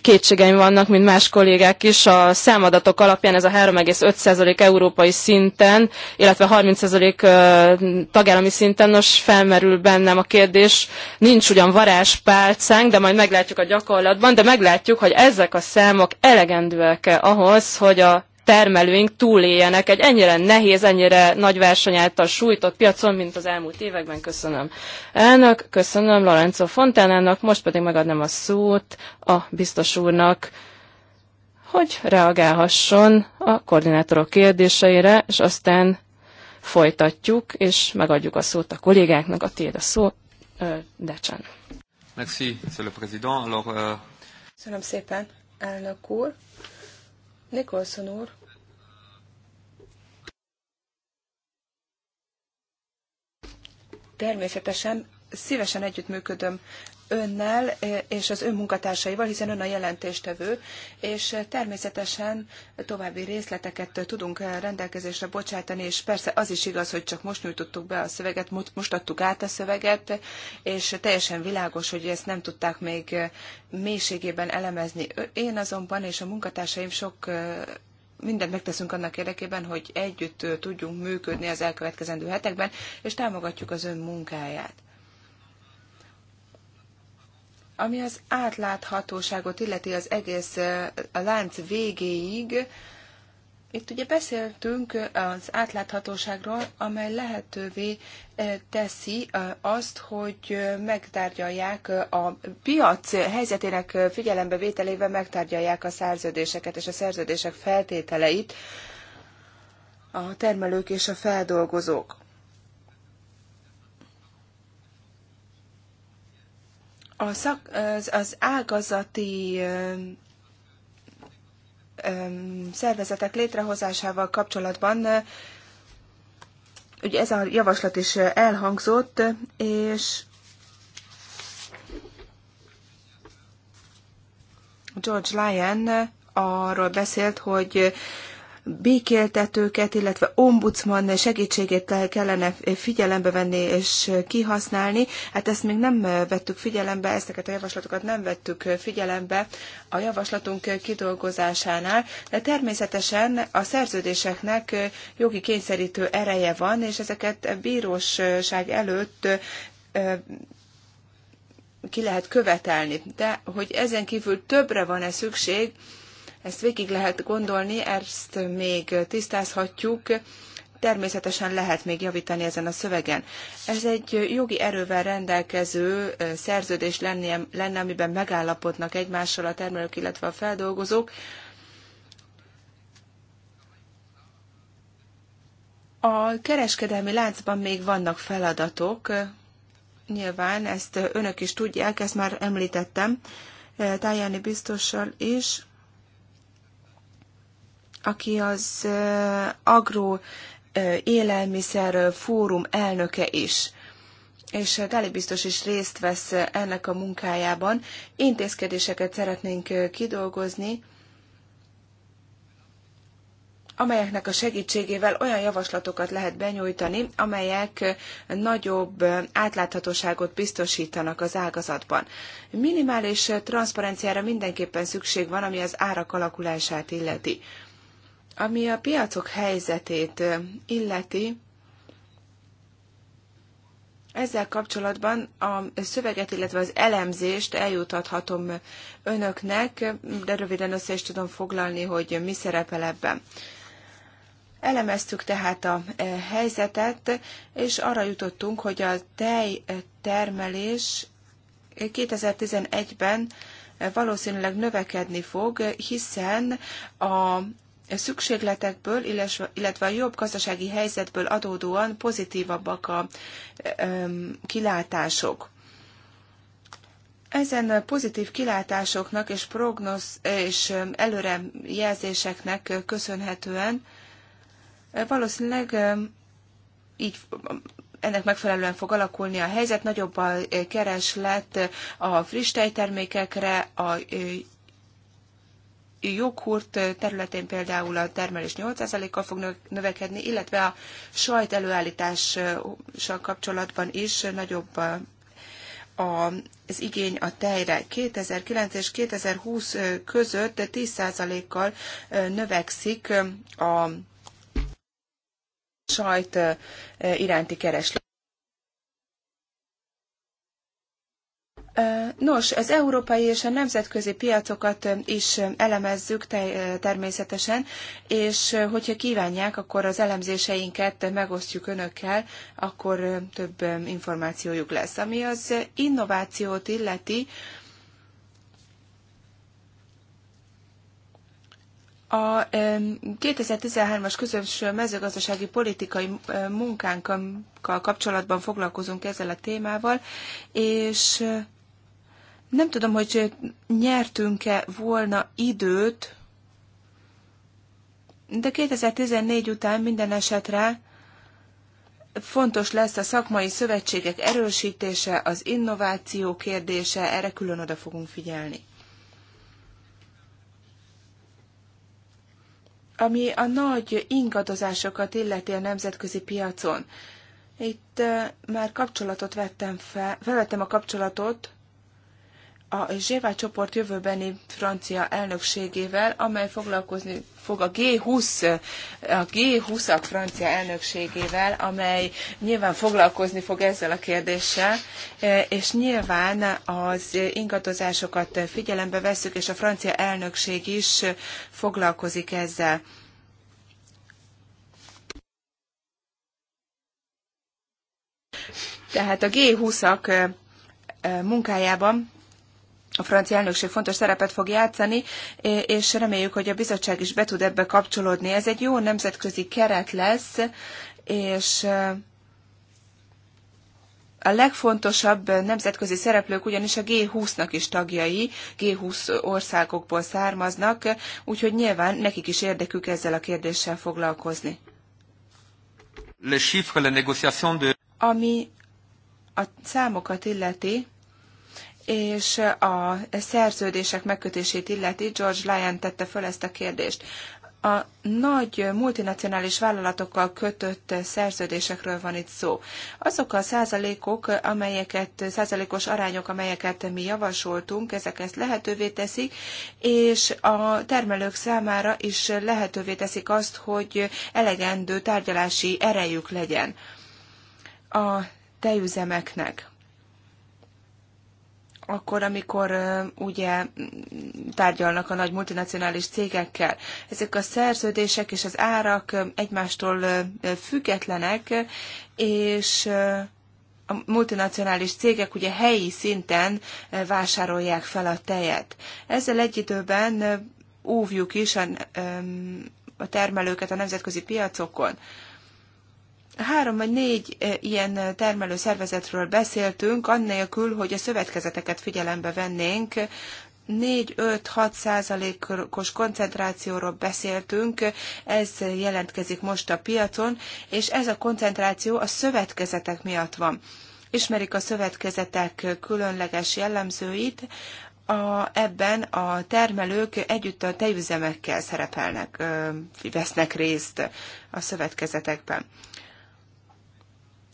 kétségeim vannak, mint más kollégák is. A számadatok alapján ez a 3,5% európai szinten, illetve 30% tagállami szinten, nos felmerül bennem a kérdés. Nincs ugyan varázspálcánk, de majd meglátjuk a gyakorlatban, de meglátjuk, hogy ezek a számok elegendőek -e ahhoz, hogy a termelőink túléljenek egy ennyire nehéz, ennyire nagy verseny által sújtott piacon, mint az elmúlt években. Köszönöm. Elnök, köszönöm Lorenzo Fontánának, most pedig megadnám a szót a biztos úrnak, hogy reagálhasson a koordinátorok kérdéseire, és aztán folytatjuk, és megadjuk a szót a kollégáknak, a tiéd a szó, Decsen. Merci, monsieur le président. Alors, euh, Köszönöm szépen, elnök úr. Nikolson úr, természetesen szívesen együttműködöm önnel eh, és az ön munkatársaival, hiszen ön a jelentéstevő, és eh, természetesen további részleteket tudunk eh, rendelkezésre bocsátani, és persze az is igaz, hogy csak most nyújtottuk be a szöveget, most adtuk át a szöveget, és teljesen világos, hogy ezt nem tudták még mélységében elemezni. Én azonban és a munkatársaim sok mindent megteszünk annak érdekében, hogy együtt tudjunk működni az elkövetkezendő hetekben, és támogatjuk az ön munkáját. Ami az átláthatóságot illeti az egész a lánc végéig, itt ugye beszéltünk az átláthatóságról, amely lehetővé teszi azt, hogy megtárgyalják a piac helyzetének figyelembe vételével megtárgyalják a szerződéseket és a szerződések feltételeit a termelők és a feldolgozók. A szak, az, az ágazati szervezetek létrehozásával kapcsolatban ugye ez a javaslat is elhangzott, és George Lyon arról beszélt, hogy békéltetőket, illetve ombudsman segítségét kellene figyelembe venni és kihasználni. Hát ezt még nem vettük figyelembe, ezeket a javaslatokat nem vettük figyelembe a javaslatunk kidolgozásánál, de természetesen a szerződéseknek jogi kényszerítő ereje van, és ezeket bíróság előtt ki lehet követelni. De hogy ezen kívül többre van-e szükség, ezt végig lehet gondolni, ezt még tisztázhatjuk, természetesen lehet még javítani ezen a szövegen. Ez egy jogi erővel rendelkező szerződés lenne, lenne amiben megállapodnak egymással a termelők, illetve a feldolgozók. A kereskedelmi láncban még vannak feladatok, nyilván ezt önök is tudják, ezt már említettem Tájáni biztossal is aki az Agro Élelmiszer Fórum elnöke is és Gáli biztos is részt vesz ennek a munkájában. Intézkedéseket szeretnénk kidolgozni, amelyeknek a segítségével olyan javaslatokat lehet benyújtani, amelyek nagyobb átláthatóságot biztosítanak az ágazatban. Minimális transzparenciára mindenképpen szükség van, ami az árak alakulását illeti. Ami a piacok helyzetét illeti, ezzel kapcsolatban a szöveget, illetve az elemzést eljutathatom önöknek, de röviden össze is tudom foglalni, hogy mi szerepel ebben. Elemeztük tehát a e, helyzetet, és arra jutottunk, hogy a tejtermelés 2011-ben valószínűleg növekedni fog, hiszen a E szükségletekből, illetve a jobb gazdasági helyzetből adódóan pozitívabbak a e, kilátások. Ezen pozitív kilátásoknak és prognosz és előrejelzéseknek köszönhetően e, valószínűleg így ennek megfelelően fog alakulni a helyzet, nagyobb a kereslet a friss tejtermékekre, a joghurt területén például a termelés 8%-kal fog növekedni, illetve a sajt előállítással kapcsolatban is nagyobb az igény a tejre. 2009 és 2020 között 10%-kal növekszik a sajt iránti kereslet. Nos, az európai és a nemzetközi piacokat is elemezzük természetesen, és hogyha kívánják, akkor az elemzéseinket megosztjuk önökkel, akkor több információjuk lesz. Ami az innovációt illeti, A 2013-as közös mezőgazdasági politikai munkánkkal kapcsolatban foglalkozunk ezzel a témával, és nem tudom, hogy nyertünk-e volna időt, de 2014 után minden esetre fontos lesz a szakmai szövetségek erősítése, az innováció kérdése, erre külön oda fogunk figyelni. Ami a nagy ingadozásokat illeti a nemzetközi piacon. Itt eh, már kapcsolatot vettem fel, felvettem a kapcsolatot a Zsévá csoport jövőbeni francia elnökségével, amely foglalkozni fog a G20, a G20-ak francia elnökségével, amely nyilván foglalkozni fog ezzel a kérdéssel, és nyilván az ingadozásokat figyelembe vesszük, és a francia elnökség is foglalkozik ezzel. Tehát a G20-ak munkájában a francia elnökség fontos szerepet fog játszani, és reméljük, hogy a bizottság is be tud ebbe kapcsolódni. Ez egy jó nemzetközi keret lesz, és a legfontosabb nemzetközi szereplők ugyanis a G20-nak is tagjai, G20 országokból származnak, úgyhogy nyilván nekik is érdekük ezzel a kérdéssel foglalkozni. Le chiffre, de... Ami a számokat illeti, és a szerződések megkötését illeti, George Lyon tette föl ezt a kérdést. A nagy multinacionális vállalatokkal kötött szerződésekről van itt szó. Azok a százalékok, amelyeket, százalékos arányok, amelyeket mi javasoltunk, ezek ezt lehetővé teszik, és a termelők számára is lehetővé teszik azt, hogy elegendő tárgyalási erejük legyen a tejüzemeknek akkor, amikor ugye tárgyalnak a nagy multinacionális cégekkel. Ezek a szerződések és az árak egymástól függetlenek, és a multinacionális cégek ugye helyi szinten vásárolják fel a tejet. Ezzel egy időben óvjuk is a, a termelőket a nemzetközi piacokon. Három vagy négy e, ilyen e, termelő szervezetről beszéltünk, annélkül, hogy a szövetkezeteket figyelembe vennénk, 4-5-6 százalékos koncentrációról beszéltünk, ez jelentkezik most a piacon, és ez a koncentráció a szövetkezetek miatt van. Ismerik a szövetkezetek különleges jellemzőit, a, ebben a termelők együtt a tejüzemekkel szerepelnek, vesznek részt a szövetkezetekben.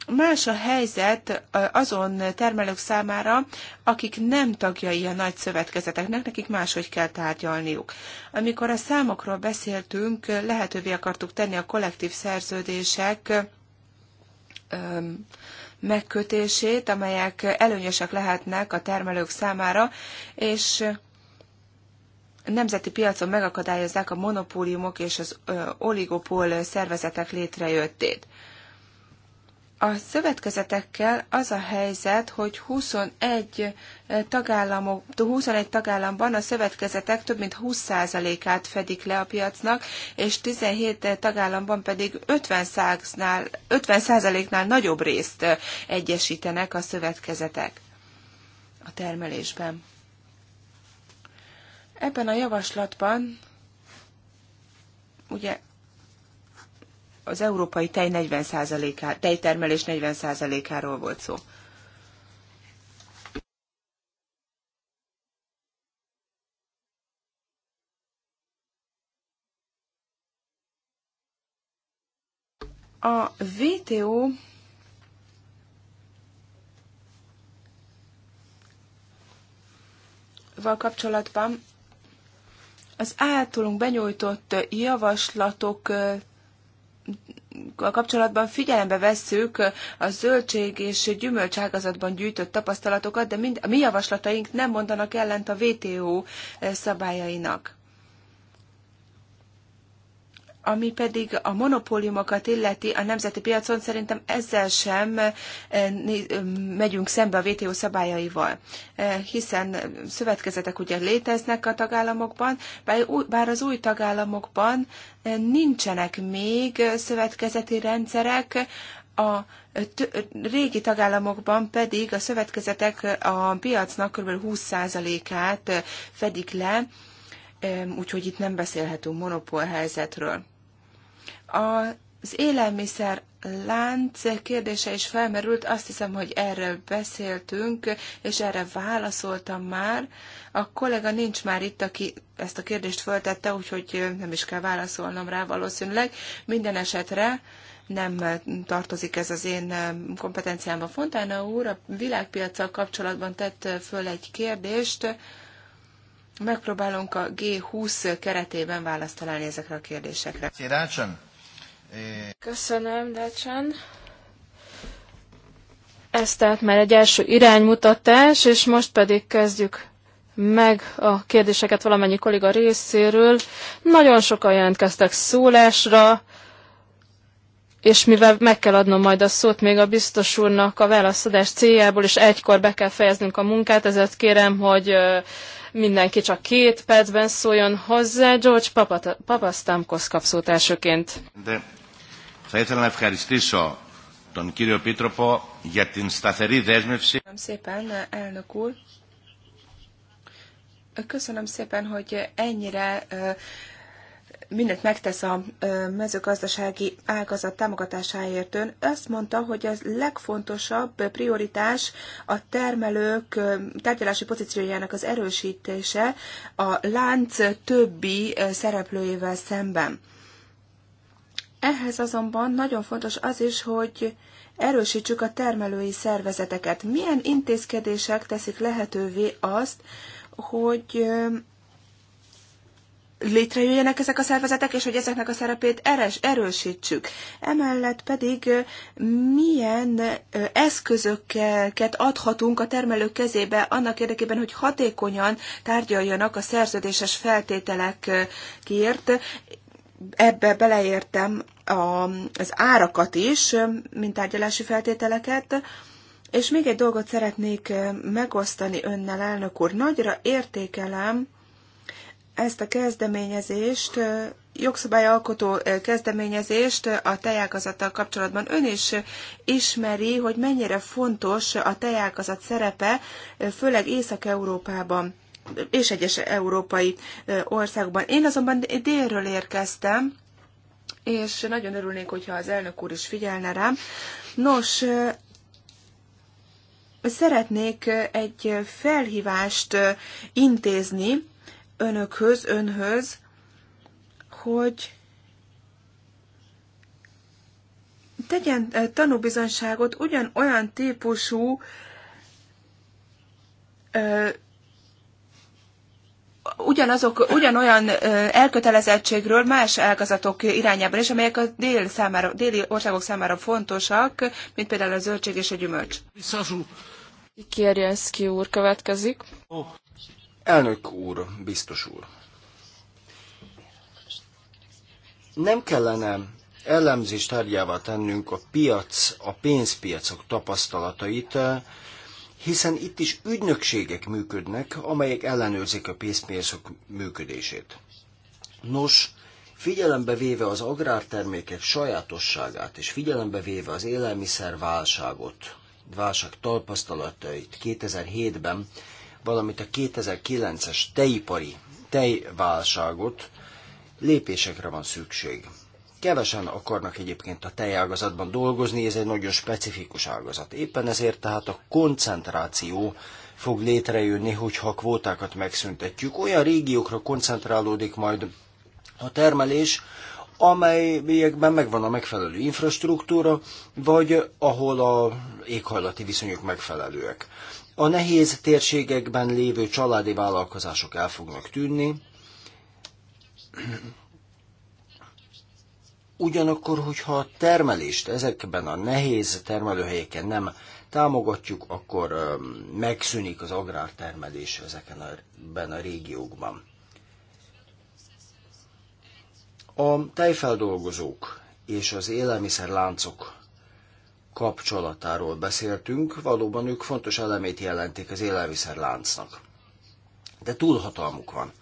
Más a helyzet azon termelők számára, akik nem tagjai a nagy szövetkezeteknek, nekik máshogy kell tárgyalniuk. Amikor a számokról beszéltünk, lehetővé akartuk tenni a kollektív szerződések megkötését, amelyek előnyösek lehetnek a termelők számára, és nemzeti piacon megakadályozzák a monopóliumok és az oligopól szervezetek létrejöttét. A szövetkezetekkel az a helyzet, hogy 21, tagállamok, 21 tagállamban a szövetkezetek több mint 20%-át fedik le a piacnak, és 17 tagállamban pedig 50%-nál 50 nagyobb részt egyesítenek a szövetkezetek a termelésben. Ebben a javaslatban ugye az európai tej 40 tejtermelés 40%-áról volt szó. A VTO val kapcsolatban az általunk benyújtott javaslatok kapcsolatban figyelembe vesszük a zöldség és gyümölcs ágazatban gyűjtött tapasztalatokat, de mind, a mi javaslataink nem mondanak ellent a WTO eh, szabályainak. Ami pedig a monopóliumokat illeti a nemzeti piacon, szerintem ezzel sem eh, megyünk szembe a WTO szabályaival, eh, hiszen szövetkezetek ugye léteznek a tagállamokban, bár az új tagállamokban eh, nincsenek még szövetkezeti rendszerek, a régi tagállamokban pedig a szövetkezetek a piacnak kb. 20%-át fedik le, úgyhogy itt nem beszélhetünk monopól helyzetről. Az élelmiszer lánc kérdése is felmerült, azt hiszem, hogy erről beszéltünk, és erre válaszoltam már. A kollega nincs már itt, aki ezt a kérdést föltette, úgyhogy nem is kell válaszolnom rá valószínűleg. Minden esetre nem tartozik ez az én kompetenciámba. Fontána úr a világpiacsal kapcsolatban tett föl egy kérdést, megpróbálunk a G20 keretében választ találni ezekre a kérdésekre. Köszönöm, Dacsen. Ez tehát már egy első iránymutatás, és most pedig kezdjük meg a kérdéseket valamennyi kolléga részéről. Nagyon sokan jelentkeztek szólásra, és mivel meg kell adnom majd a szót még a biztos úrnak a válaszadás céljából, és egykor be kell fejeznünk a munkát, ezért kérem, hogy mindenki csak két percben szóljon hozzá. George Papasztámkosz kap szót elsőként. De Θα ήθελα να ευχαριστήσω τον κύριο Πίτροπο για την σταθερή δέσμευση. Köszönöm szépen, hogy ennyire mindent megtesz a mezőgazdasági ágazat támogatásáért. Ön azt mondta, hogy az legfontosabb prioritás a termelők tárgyalási pozíciójának az erősítése a lánc többi szereplőjével szemben. Ehhez azonban nagyon fontos az is, hogy erősítsük a termelői szervezeteket. Milyen intézkedések teszik lehetővé azt, hogy létrejöjjenek ezek a szervezetek, és hogy ezeknek a szerepét eres, erősítsük. Emellett pedig milyen eszközöket adhatunk a termelők kezébe annak érdekében, hogy hatékonyan tárgyaljanak a szerződéses feltételekért, ebbe beleértem az árakat is, mint tárgyalási feltételeket, és még egy dolgot szeretnék eh, megosztani önnel, elnök úr. Nagyra értékelem ezt a kezdeményezést, eh, jogszabályalkotó eh, kezdeményezést a tejákazattal kapcsolatban. Ön is ismeri, hogy mennyire fontos a tejákazat szerepe, főleg Észak-Európában és egyes európai országokban. Én azonban délről érkeztem, és nagyon örülnék, hogyha az elnök úr is figyelne rám. Nos, szeretnék egy felhívást intézni önökhöz, önhöz, hogy tegyen tanúbizonságot ugyan olyan típusú ugyanazok, ugyanolyan elkötelezettségről más ágazatok irányában is, amelyek a dél számára, déli országok számára fontosak, mint például a zöldség és a gyümölcs. Kérjenszki úr következik. Elnök úr, biztos úr. Nem kellene elemzést tárgyává tennünk a piac, a pénzpiacok tapasztalatait, hiszen itt is ügynökségek működnek, amelyek ellenőrzik a pénzpiacok működését. Nos, figyelembe véve az agrártermékek sajátosságát, és figyelembe véve az élelmiszerválságot, válság tapasztalatait 2007-ben, valamint a 2009-es tejipari tejválságot, lépésekre van szükség. Kevesen akarnak egyébként a tejágazatban dolgozni, ez egy nagyon specifikus ágazat. Éppen ezért tehát a koncentráció fog létrejönni, hogyha a kvótákat megszüntetjük. Olyan régiókra koncentrálódik majd a termelés, amelyekben megvan a megfelelő infrastruktúra, vagy ahol a éghajlati viszonyok megfelelőek. A nehéz térségekben lévő családi vállalkozások el fognak tűnni, Ugyanakkor, hogyha a termelést ezekben a nehéz termelőhelyeken nem támogatjuk, akkor megszűnik az agrártermelés ezekben a régiókban. A tejfeldolgozók és az élelmiszerláncok kapcsolatáról beszéltünk, valóban ők fontos elemét jelentik az élelmiszerláncnak. De túlhatalmuk van.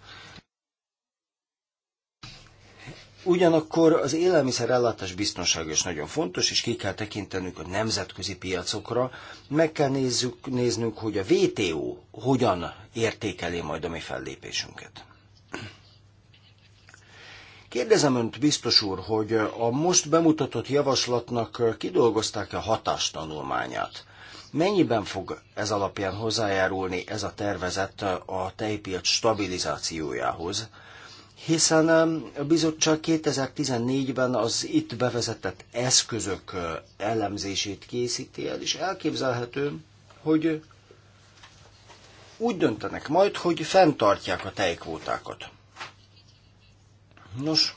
Ugyanakkor az élelmiszerellátás biztonsága is nagyon fontos, és ki kell tekintenünk a nemzetközi piacokra. Meg kell nézzük, néznünk, hogy a WTO hogyan értékeli majd a mi fellépésünket. Kérdezem Önt, biztos úr, hogy a most bemutatott javaslatnak kidolgozták-e hatástanulmányát? Mennyiben fog ez alapján hozzájárulni ez a tervezet a tejpiac stabilizációjához? hiszen a bizottság 2014-ben az itt bevezetett eszközök elemzését készíti el, és elképzelhető, hogy úgy döntenek majd, hogy fenntartják a tejkvótákat. Nos,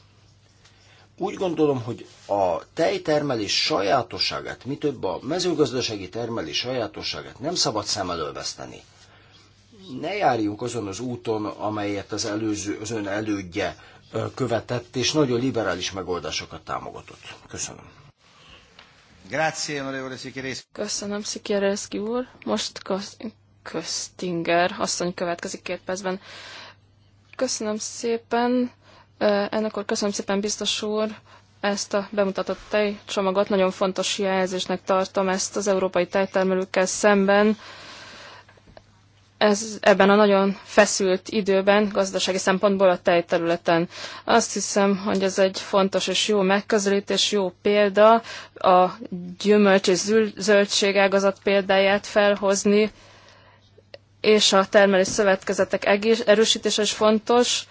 úgy gondolom, hogy a tejtermelés sajátosságát, mi több a mezőgazdasági termelés sajátosságát nem szabad szem elől veszteni ne járjunk azon az úton, amelyet az, előző, az ön elődje követett, és nagyon liberális megoldásokat támogatott. Köszönöm. Grazie, Köszönöm, Szikéreszki úr. Most Köstinger asszony következik két percben. Köszönöm szépen, ennek úr, köszönöm szépen, biztos úr, ezt a bemutatott tejcsomagot. Nagyon fontos jelzésnek tartom ezt az európai tejtermelőkkel szemben, ez, ebben a nagyon feszült időben, gazdasági szempontból a tejterületen. Azt hiszem, hogy ez egy fontos és jó megközelítés, jó példa a gyümölcs és zöldségágazat példáját felhozni, és a termelés szövetkezetek erősítése is fontos,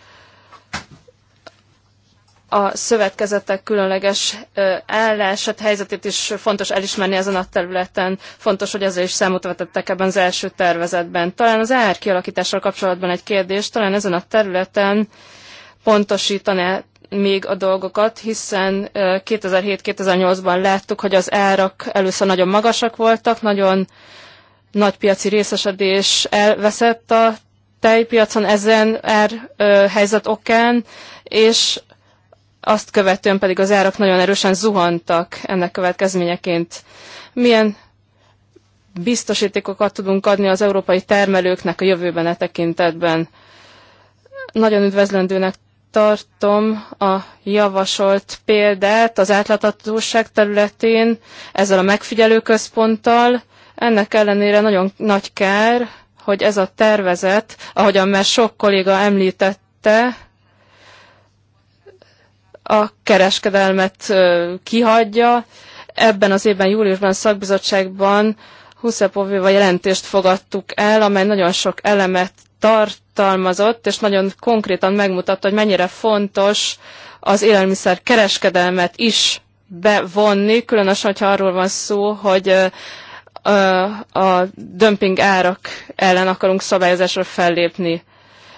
a szövetkezetek különleges állását, helyzetét is fontos elismerni ezen a területen. Fontos, hogy ezzel is számot vetettek ebben az első tervezetben. Talán az ár kialakítással kapcsolatban egy kérdés, talán ezen a területen pontosítaná még a dolgokat, hiszen 2007-2008-ban láttuk, hogy az árak először nagyon magasak voltak, nagyon nagy piaci részesedés elveszett a tejpiacon ezen ár helyzet okán, és azt követően pedig az árak nagyon erősen zuhantak ennek következményeként. Milyen biztosítékokat tudunk adni az európai termelőknek a jövőben e tekintetben? Nagyon üdvözlendőnek tartom a javasolt példát az átláthatóság területén ezzel a megfigyelőközponttal. Ennek ellenére nagyon nagy kár, hogy ez a tervezet, ahogyan már sok kolléga említette, a kereskedelmet kihagyja. Ebben az évben júliusban a szakbizottságban Huszepovéva jelentést fogadtuk el, amely nagyon sok elemet tartalmazott, és nagyon konkrétan megmutatta, hogy mennyire fontos az élelmiszer kereskedelmet is bevonni, különösen, hogyha arról van szó, hogy a dömping árak ellen akarunk szabályozásra fellépni.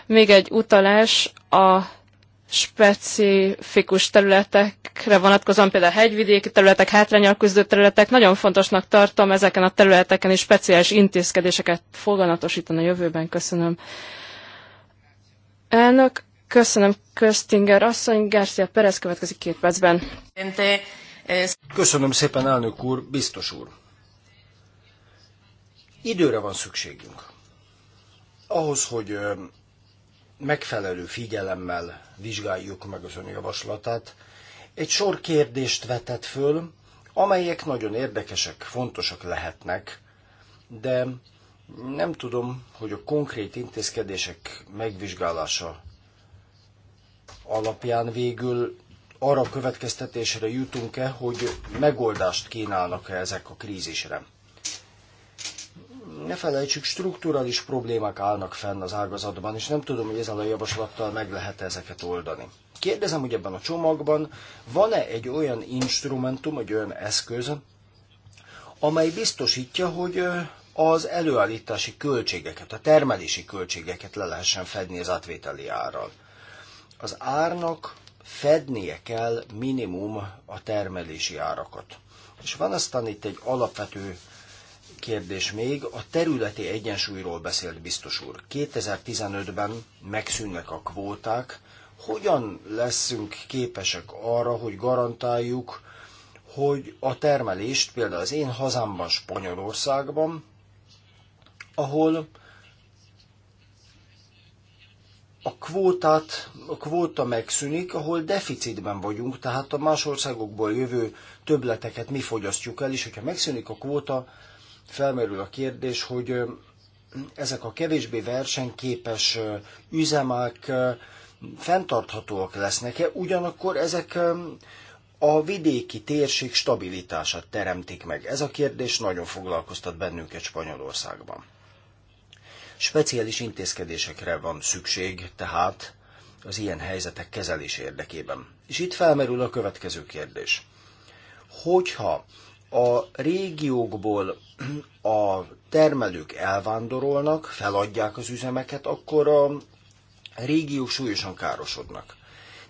Még egy utalás a specifikus területekre vonatkozóan, például hegyvidéki területek, hátrányal küzdő területek, nagyon fontosnak tartom ezeken a területeken is speciális intézkedéseket foganatosítani a jövőben. Köszönöm. Elnök, köszönöm Köztinger asszony, Garcia Perez következik két percben. Köszönöm szépen, elnök úr, biztos úr. Időre van szükségünk. Ahhoz, hogy megfelelő figyelemmel vizsgáljuk meg az ön javaslatát. Egy sor kérdést vetett föl, amelyek nagyon érdekesek, fontosak lehetnek, de nem tudom, hogy a konkrét intézkedések megvizsgálása alapján végül arra a következtetésre jutunk-e, hogy megoldást kínálnak-e ezek a krízisre ne felejtsük, strukturális problémák állnak fenn az ágazatban, és nem tudom, hogy ezzel a javaslattal meg lehet -e ezeket oldani. Kérdezem, hogy ebben a csomagban van-e egy olyan instrumentum, egy olyan eszköz, amely biztosítja, hogy az előállítási költségeket, a termelési költségeket le lehessen fedni az átvételi árral. Az árnak fednie kell minimum a termelési árakat. És van aztán itt egy alapvető kérdés még, a területi egyensúlyról beszélt biztos úr. 2015-ben megszűnnek a kvóták, hogyan leszünk képesek arra, hogy garantáljuk, hogy a termelést például az én hazámban, Spanyolországban, ahol a kvótát, a kvóta megszűnik, ahol deficitben vagyunk, tehát a más országokból jövő töbleteket mi fogyasztjuk el, és hogyha megszűnik a kvóta, felmerül a kérdés, hogy ezek a kevésbé versenyképes üzemek fenntarthatóak lesznek-e, ugyanakkor ezek a vidéki térség stabilitását teremtik meg. Ez a kérdés nagyon foglalkoztat bennünket Spanyolországban. Speciális intézkedésekre van szükség, tehát az ilyen helyzetek kezelés érdekében. És itt felmerül a következő kérdés. Hogyha a régiókból a termelők elvándorolnak, feladják az üzemeket, akkor a régiók súlyosan károsodnak.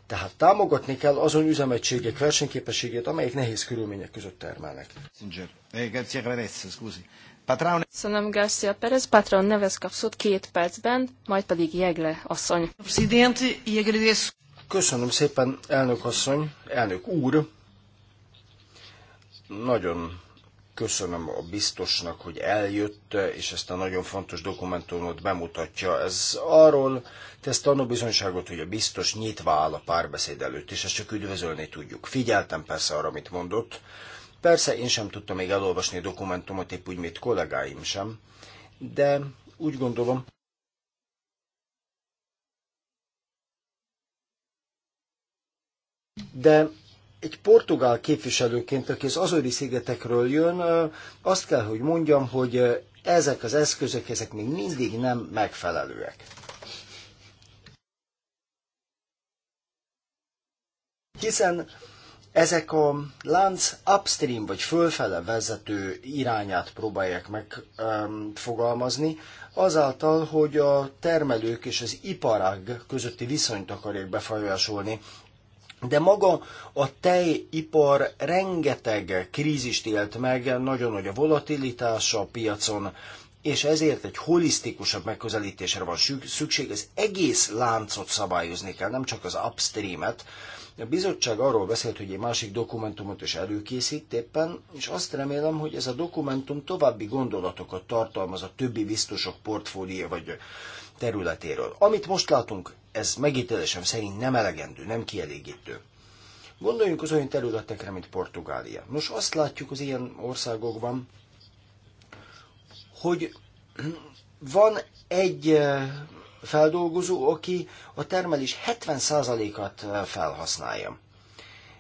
Tehát támogatni kell azon üzemegységek versenyképességét, amelyek nehéz körülmények között termelnek. Eh, Patron... Köszönöm, Garcia Perez. Patron nevez kapszott két percben, majd pedig Jegle asszony. E Köszönöm szépen, elnök asszony, elnök úr. Nagyon köszönöm a biztosnak, hogy eljött, és ezt a nagyon fontos dokumentumot bemutatja. Ez arról tesz tanúbizonyságot, hogy a biztos nyitva áll a párbeszéd előtt, és ezt csak üdvözölni tudjuk. Figyeltem persze arra, amit mondott. Persze én sem tudtam még elolvasni a dokumentumot, épp úgy, mint kollégáim sem, de úgy gondolom, de egy portugál képviselőként, aki az Azori szigetekről jön, azt kell, hogy mondjam, hogy ezek az eszközök, ezek még mindig nem megfelelőek. Hiszen ezek a lánc upstream vagy fölfele vezető irányát próbálják megfogalmazni, azáltal, hogy a termelők és az iparág közötti viszonyt akarják befolyásolni, de maga a tejipar rengeteg krízist élt meg, nagyon nagy a volatilitása a piacon, és ezért egy holisztikusabb megközelítésre van szükség, az egész láncot szabályozni kell, nem csak az upstream-et. A bizottság arról beszélt, hogy egy másik dokumentumot is előkészít éppen, és azt remélem, hogy ez a dokumentum további gondolatokat tartalmaz a többi biztosok portfólia vagy területéről. Amit most látunk, ez megítélésem szerint nem elegendő, nem kielégítő. Gondoljunk az olyan területekre, mint Portugália. Nos, azt látjuk az ilyen országokban, hogy van egy eh, feldolgozó, aki a termelés 70%-át eh, felhasználja.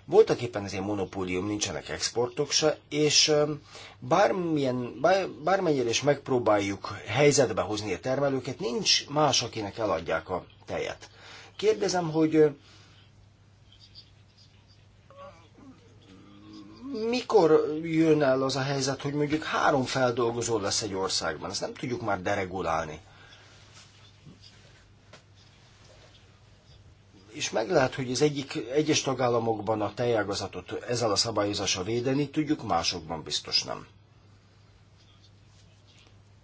Voltak éppen ezért monopólium, nincsenek exportok se, és bármilyen, bár, bármennyire is megpróbáljuk helyzetbe hozni a termelőket, nincs más, akinek eladják a tejet. Kérdezem, hogy mikor jön el az a helyzet, hogy mondjuk három feldolgozó lesz egy országban, ezt nem tudjuk már deregulálni. és meg lehet, hogy az egyik, egyes tagállamokban a tejágazatot ezzel a szabályozással védeni tudjuk, másokban biztos nem.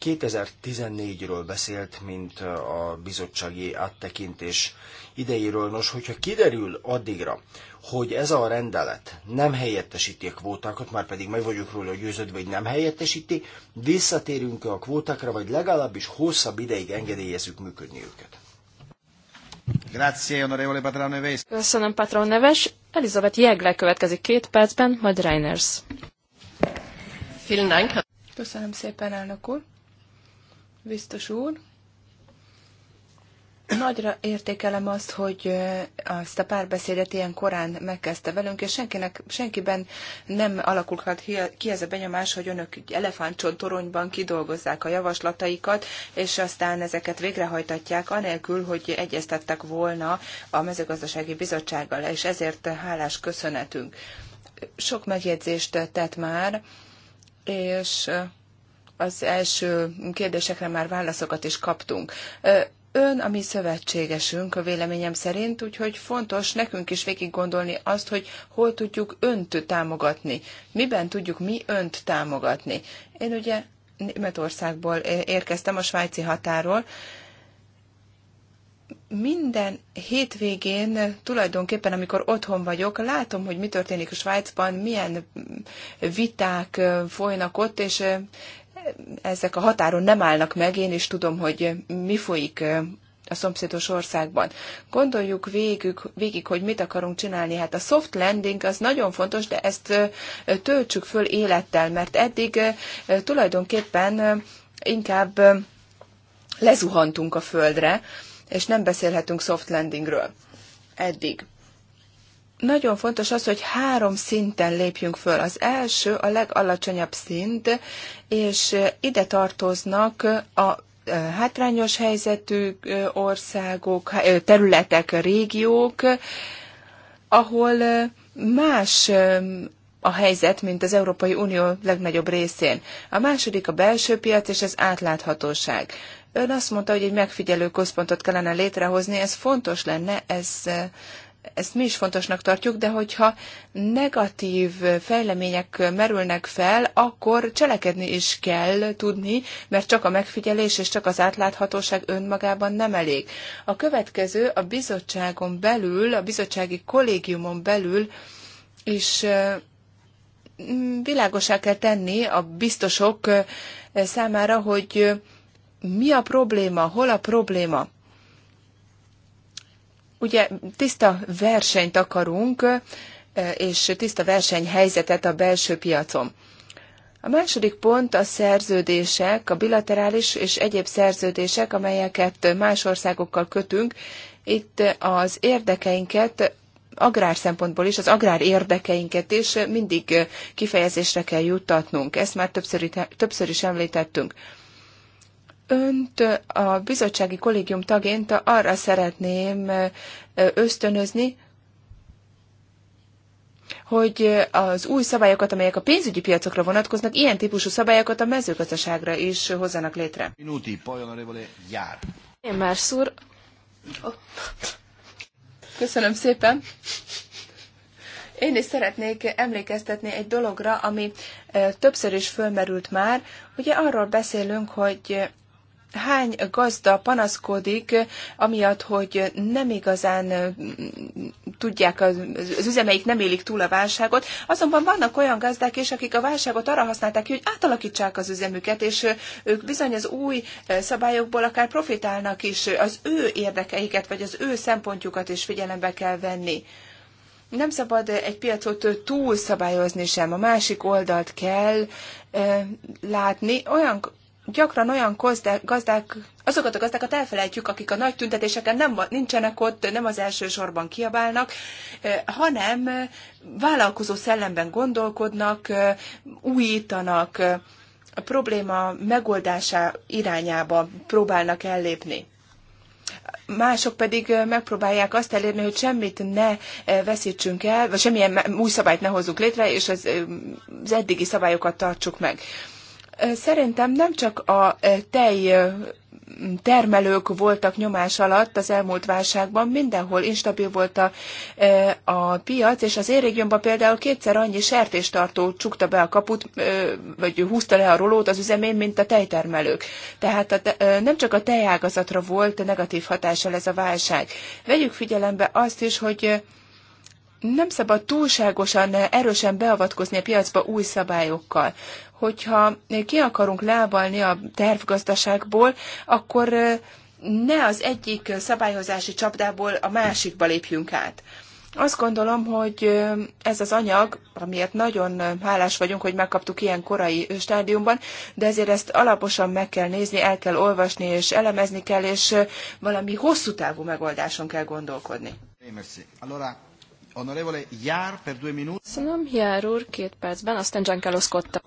2014-ről beszélt, mint a bizottsági áttekintés idejéről. Nos, hogyha kiderül addigra, hogy ez a rendelet nem helyettesíti a kvótákat, már pedig meg vagyok róla győződve, hogy nem helyettesíti, visszatérünk -e a kvótákra, vagy legalábbis hosszabb ideig engedélyezzük működni őket. Köszönöm, Patron Neves. Elizabeth Jegle következik két percben, majd Reiners. Vielen Köszönöm szépen, elnök úr. Biztos úr. Nagyra értékelem azt, hogy azt a párbeszédet ilyen korán megkezdte velünk, és senkinek, senkiben nem alakulhat ki ez a benyomás, hogy önök elefántcsont toronyban kidolgozzák a javaslataikat, és aztán ezeket végrehajtatják, anélkül, hogy egyeztettek volna a mezőgazdasági bizottsággal, és ezért hálás köszönetünk. Sok megjegyzést tett már, és az első kérdésekre már válaszokat is kaptunk. Ön a mi szövetségesünk a véleményem szerint, úgyhogy fontos nekünk is végig gondolni azt, hogy hol tudjuk önt támogatni, miben tudjuk mi önt támogatni. Én ugye Németországból érkeztem a svájci határól, minden hétvégén tulajdonképpen, amikor otthon vagyok, látom, hogy mi történik a Svájcban, milyen viták folynak ott, és ezek a határon nem állnak meg, én is tudom, hogy mi folyik a szomszédos országban. Gondoljuk végig, végig, hogy mit akarunk csinálni. Hát a soft landing az nagyon fontos, de ezt töltsük föl élettel, mert eddig tulajdonképpen inkább lezuhantunk a földre, és nem beszélhetünk soft landingről eddig nagyon fontos az, hogy három szinten lépjünk föl. Az első a legalacsonyabb szint, és ide tartoznak a eh, hátrányos helyzetű eh, országok, eh, területek, régiók, ahol más a helyzet, mint az Európai Unió legnagyobb részén. A második a belső piac és az átláthatóság. Ön azt mondta, hogy egy megfigyelő központot kellene létrehozni, ez fontos lenne, ez ezt mi is fontosnak tartjuk, de hogyha negatív fejlemények merülnek fel, akkor cselekedni is kell tudni, mert csak a megfigyelés és csak az átláthatóság önmagában nem elég. A következő a bizottságon belül, a bizottsági kollégiumon belül is világosá kell tenni a biztosok számára, hogy mi a probléma, hol a probléma Ugye tiszta versenyt akarunk, és tiszta versenyhelyzetet a belső piacon. A második pont a szerződések, a bilaterális és egyéb szerződések, amelyeket más országokkal kötünk. Itt az érdekeinket agrár szempontból is, az agrár érdekeinket is mindig kifejezésre kell juttatnunk. Ezt már többször, többször is említettünk. Önt a bizottsági kollégium tagént arra szeretném ösztönözni, hogy az új szabályokat, amelyek a pénzügyi piacokra vonatkoznak, ilyen típusú szabályokat a mezőgazdaságra is hozzanak létre. Minuti, jár. Én már szúr. Köszönöm szépen. Én is szeretnék emlékeztetni egy dologra, ami többször is fölmerült már. Ugye arról beszélünk, hogy hány gazda panaszkodik, amiatt, hogy nem igazán tudják, az üzemeik nem élik túl a válságot. Azonban vannak olyan gazdák is, akik a válságot arra használták ki, hogy átalakítsák az üzemüket, és ők bizony az új szabályokból akár profitálnak is, az ő érdekeiket, vagy az ő szempontjukat is figyelembe kell venni. Nem szabad egy piacot túlszabályozni sem, a másik oldalt kell e, látni. Olyan gyakran olyan gazdák, gazdák, azokat a gazdákat elfelejtjük, akik a nagy tüntetéseken nem, nincsenek ott, nem az első sorban kiabálnak, hanem vállalkozó szellemben gondolkodnak, újítanak, a probléma megoldása irányába próbálnak ellépni. Mások pedig megpróbálják azt elérni, hogy semmit ne veszítsünk el, vagy semmilyen új szabályt ne hozzunk létre, és az, az eddigi szabályokat tartsuk meg. Szerintem nem csak a e, tej e, termelők voltak nyomás alatt az elmúlt válságban, mindenhol instabil volt a, e, a piac, és az érégjomban például kétszer annyi sertéstartó csukta be a kaput, vagy húzta le a rolót az üzemén, mint a tejtermelők. Tehát a, nem csak a tejágazatra volt negatív hatással ez a válság. Vegyük figyelembe azt is, hogy nem szabad túlságosan erősen beavatkozni a piacba új szabályokkal hogyha ki akarunk lábalni a tervgazdaságból, akkor ne az egyik szabályozási csapdából a másikba lépjünk át. Azt gondolom, hogy ez az anyag, amiért nagyon hálás vagyunk, hogy megkaptuk ilyen korai stádiumban, de ezért ezt alaposan meg kell nézni, el kell olvasni és elemezni kell, és valami hosszú távú megoldáson kell gondolkodni. Onorevole Jár, per due minuti. Köszönöm, Jár úr, két percben, aztán Giancarlo Scotta.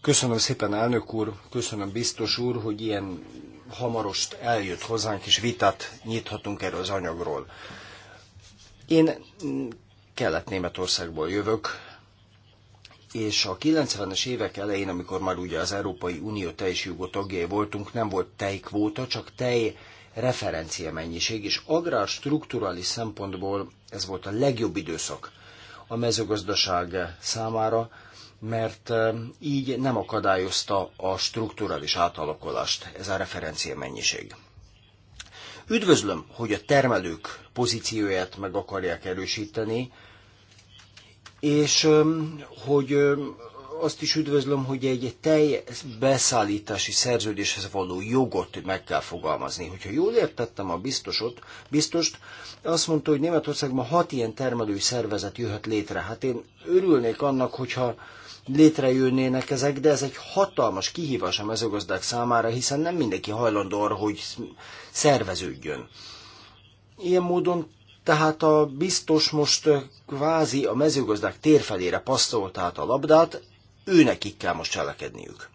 Köszönöm szépen, elnök úr, köszönöm biztos úr, hogy ilyen hamarost eljött hozzánk, és vitát nyithatunk erről az anyagról. Én Kelet-Németországból jövök, és a 90-es évek elején, amikor már ugye az Európai Unió teljes jogú tagjai voltunk, nem volt tejkvóta, csak tej referencia mennyiség, és agrár strukturális szempontból ez volt a legjobb időszak a mezőgazdaság számára, mert um, így nem akadályozta a strukturális átalakulást ez a referencia mennyiség. Üdvözlöm, hogy a termelők pozícióját meg akarják erősíteni, és um, hogy um, azt is üdvözlöm, hogy egy teljes beszállítási szerződéshez való jogot meg kell fogalmazni. Hogyha jól értettem a biztosot, biztost, azt mondta, hogy Németországban hat ilyen termelői szervezet jöhet létre. Hát én örülnék annak, hogyha létrejönnének ezek, de ez egy hatalmas kihívás a mezőgazdák számára, hiszen nem mindenki hajlandó arra, hogy szerveződjön. Ilyen módon tehát a biztos most kvázi a mezőgazdák térfelére passzolt át a labdát, őnekik kell most cselekedniük.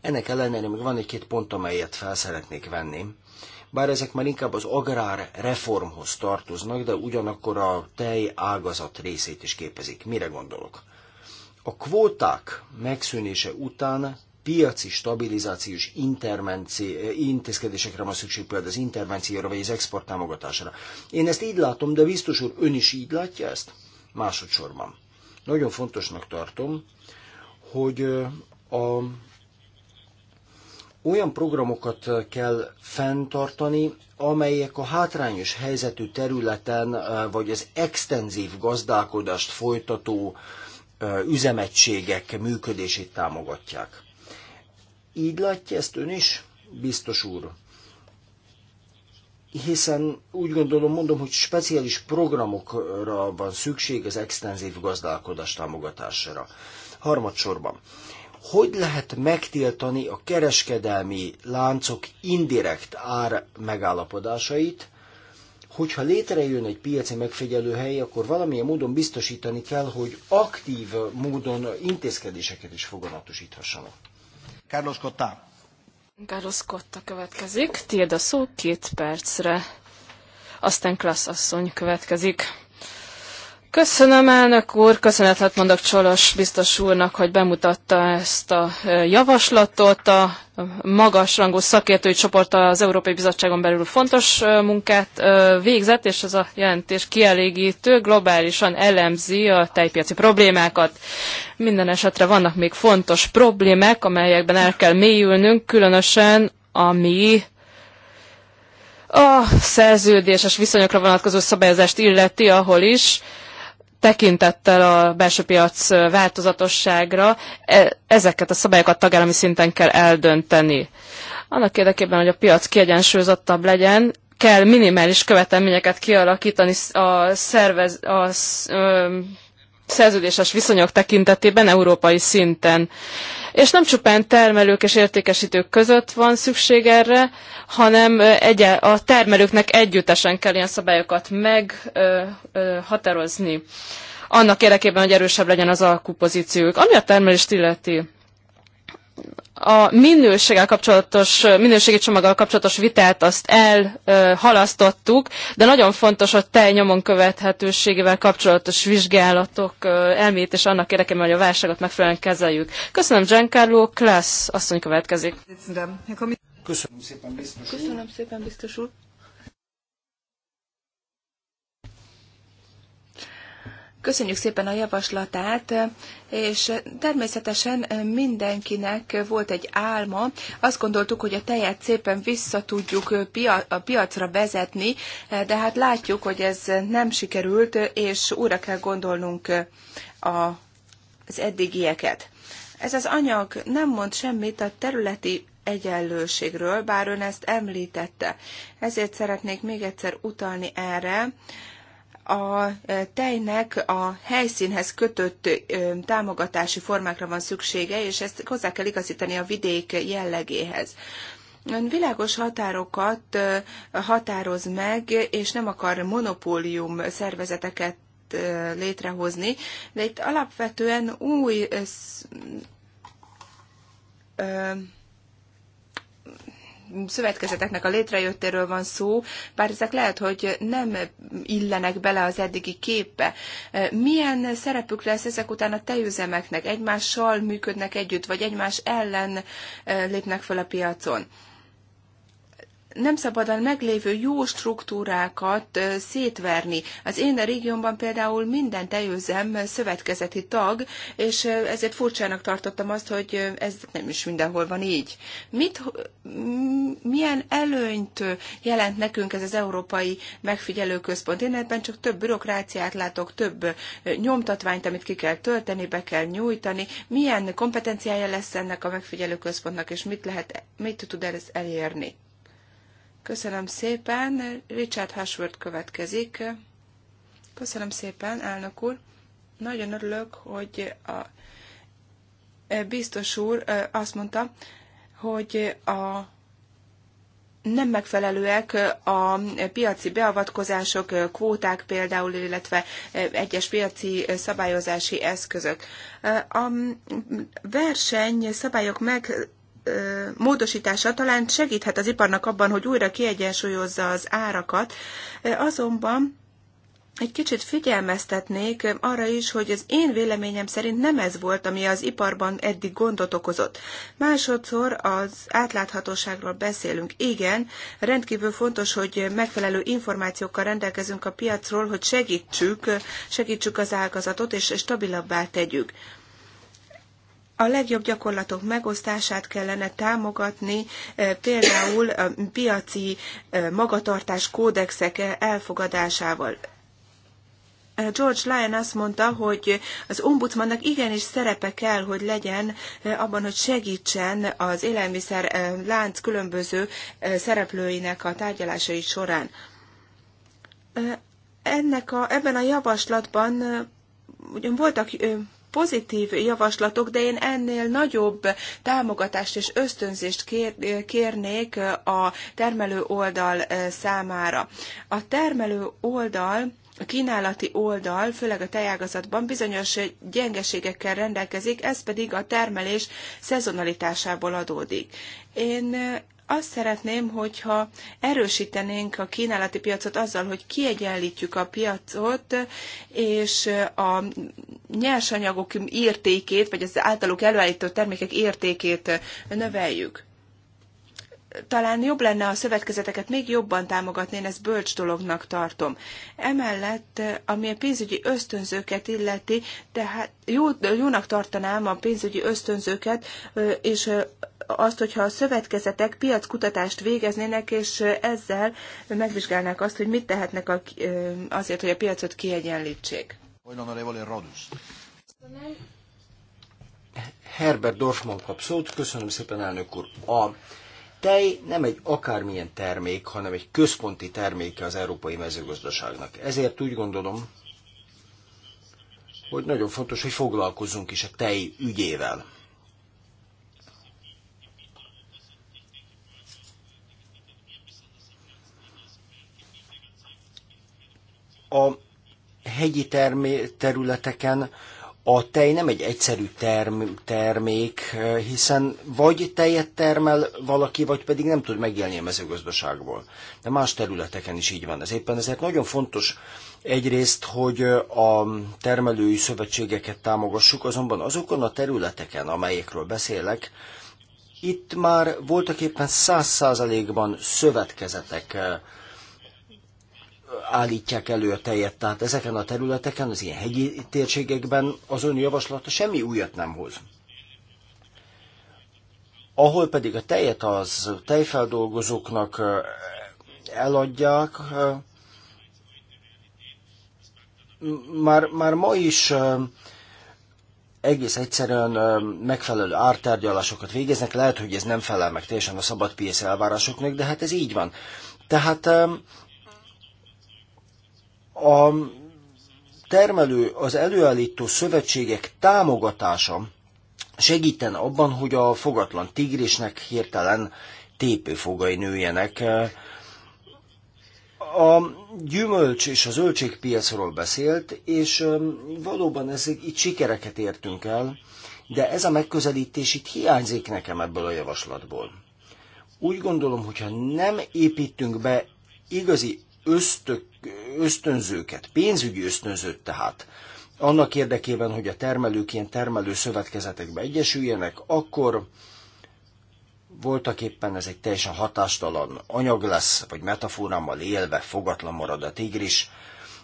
Ennek ellenére még van egy-két pont, amelyet fel szeretnék venni. Bár ezek már inkább az agrár reformhoz tartoznak, de ugyanakkor a tej ágazat részét is képezik. Mire gondolok? A kvóták megszűnése után piaci stabilizációs intézkedésekre van szükség, például az intervencióra vagy az export Én ezt így látom, de biztos úr, ön is így látja ezt? Másodszorban. Nagyon fontosnak tartom, hogy a olyan programokat kell fenntartani, amelyek a hátrányos helyzetű területen, vagy az extenzív gazdálkodást folytató üzemegységek működését támogatják. Így látja ezt ön is, biztos úr? hiszen úgy gondolom, mondom, hogy speciális programokra van szükség az extenzív gazdálkodás támogatására. Harmadsorban, hogy lehet megtiltani a kereskedelmi láncok indirekt ár megállapodásait, hogyha létrejön egy piaci megfigyelő hely, akkor valamilyen módon biztosítani kell, hogy aktív módon intézkedéseket is foganatosíthassanak. Carlos Cotta. Carlos következik, tiéd a szó két percre, aztán Klassz asszony következik. Köszönöm, elnök úr, köszönetet mondok Csolos biztos úrnak, hogy bemutatta ezt a javaslatot. A magasrangú szakértői csoport az Európai Bizottságon belül fontos munkát végzett, és ez a jelentés kielégítő, globálisan elemzi a tejpiaci problémákat. Minden esetre vannak még fontos problémák, amelyekben el kell mélyülnünk, különösen ami a szerződéses viszonyokra vonatkozó szabályozást illeti, ahol is tekintettel a belső piac változatosságra e, ezeket a szabályokat tagállami szinten kell eldönteni. Annak érdekében, hogy a piac kiegyensúlyozottabb legyen, kell minimális követelményeket kialakítani a, szervez, a szerződéses viszonyok tekintetében európai szinten. És nem csupán termelők és értékesítők között van szükség erre, hanem a termelőknek együttesen kell ilyen szabályokat meghatározni annak érdekében, hogy erősebb legyen az alkupozíciójuk. Ami a termelést illeti, a minőséggel kapcsolatos, minőségi csomaggal kapcsolatos vitát azt elhalasztottuk, de nagyon fontos a tej nyomon követhetőségével kapcsolatos vizsgálatok elmét, és annak érdekében, hogy a válságot megfelelően kezeljük. Köszönöm, Giancarlo Klász, asszony következik. Köszönöm szépen, biztos úr. Köszönöm szépen, biztos úr. Köszönjük szépen a javaslatát, és természetesen mindenkinek volt egy álma. Azt gondoltuk, hogy a tejet szépen vissza tudjuk a piacra vezetni, de hát látjuk, hogy ez nem sikerült, és újra kell gondolnunk az eddigieket. Ez az anyag nem mond semmit a területi egyenlőségről, bár ön ezt említette. Ezért szeretnék még egyszer utalni erre, a tejnek a helyszínhez kötött támogatási formákra van szüksége, és ezt hozzá kell igazítani a vidék jellegéhez. Ön világos határokat határoz meg, és nem akar monopólium szervezeteket létrehozni, de itt alapvetően új szövetkezeteknek a létrejöttéről van szó, bár ezek lehet, hogy nem illenek bele az eddigi képbe. E, milyen szerepük lesz ezek után a tejüzemeknek? Egymással működnek együtt, vagy egymás ellen e, lépnek fel a piacon? nem szabad a meglévő jó struktúrákat szétverni. Az én a régiómban például minden tejőzem szövetkezeti tag, és ezért furcsának tartottam azt, hogy ez nem is mindenhol van így. Mit, milyen előnyt jelent nekünk ez az Európai Megfigyelőközpont? Én ebben csak több bürokráciát látok, több nyomtatványt, amit ki kell tölteni, be kell nyújtani. Milyen kompetenciája lesz ennek a megfigyelőközpontnak, és mit, lehet, mit tud ez elérni? Köszönöm szépen. Richard Hashworth következik. Köszönöm szépen, elnök úr. Nagyon örülök, hogy a e, biztos úr e, azt mondta, hogy a nem megfelelőek a piaci beavatkozások, kvóták például, illetve e, egyes piaci szabályozási eszközök. A verseny szabályok meg módosítása talán segíthet az iparnak abban, hogy újra kiegyensúlyozza az árakat, azonban egy kicsit figyelmeztetnék arra is, hogy az én véleményem szerint nem ez volt, ami az iparban eddig gondot okozott. Másodszor az átláthatóságról beszélünk. Igen, rendkívül fontos, hogy megfelelő információkkal rendelkezünk a piacról, hogy segítsük, segítsük az ágazatot és stabilabbá tegyük. A legjobb gyakorlatok megosztását kellene támogatni, e, például a piaci e, magatartás kódexek e, elfogadásával. George Lyon azt mondta, hogy az ombudsmannak igenis szerepe kell, hogy legyen abban, hogy segítsen az élelmiszer lánc különböző szereplőinek a tárgyalásai során. Ennek a, ebben a javaslatban ugyan voltak pozitív javaslatok, de én ennél nagyobb támogatást és ösztönzést kér, kérnék a termelő oldal számára. A termelő oldal a kínálati oldal, főleg a tejágazatban bizonyos gyengeségekkel rendelkezik, ez pedig a termelés szezonalitásából adódik. Én azt szeretném, hogyha erősítenénk a kínálati piacot azzal, hogy kiegyenlítjük a piacot, és a nyersanyagok értékét, vagy az általuk előállított termékek értékét növeljük. Talán jobb lenne a szövetkezeteket még jobban támogatni, én ezt bölcs dolognak tartom. Emellett, ami a pénzügyi ösztönzőket illeti, tehát jó, jónak tartanám a pénzügyi ösztönzőket, és azt, hogyha a szövetkezetek piackutatást végeznének, és ezzel megvizsgálnák azt, hogy mit tehetnek azért, hogy a piacot kiegyenlítsék. Herbert Dorfman kap szót. Köszönöm szépen, elnök úr. A tej nem egy akármilyen termék, hanem egy központi terméke az európai mezőgazdaságnak. Ezért úgy gondolom, hogy nagyon fontos, hogy foglalkozzunk is a tej ügyével. A hegyi termé- területeken a tej nem egy egyszerű term- termék, hiszen vagy tejet termel valaki, vagy pedig nem tud megélni a mezőgazdaságból. De más területeken is így van. Ez éppen ezért nagyon fontos egyrészt, hogy a termelői szövetségeket támogassuk, azonban azokon a területeken, amelyekről beszélek, itt már voltak éppen száz százalékban szövetkezetek állítják elő a tejet. Tehát ezeken a területeken, az ilyen hegyi térségekben az ön javaslata semmi újat nem hoz. Ahol pedig a tejet az tejfeldolgozóknak eladják, már, már ma is egész egyszerűen megfelelő ártárgyalásokat végeznek, lehet, hogy ez nem felel meg teljesen a szabad piac elvárásoknak, de hát ez így van. Tehát a termelő, az előállító szövetségek támogatása segíten abban, hogy a fogatlan tigrisnek hirtelen tépőfogai nőjenek. A gyümölcs és a zöldségpiacról beszélt, és valóban ez, itt sikereket értünk el, de ez a megközelítés itt hiányzik nekem ebből a javaslatból. Úgy gondolom, hogyha nem építünk be igazi ösztök ösztönzőket, pénzügyi ösztönzőt tehát, annak érdekében, hogy a termelők ilyen termelő szövetkezetekbe egyesüljenek, akkor voltak éppen ez egy teljesen hatástalan anyag lesz, vagy metaforámmal élve fogatlan marad a tigris.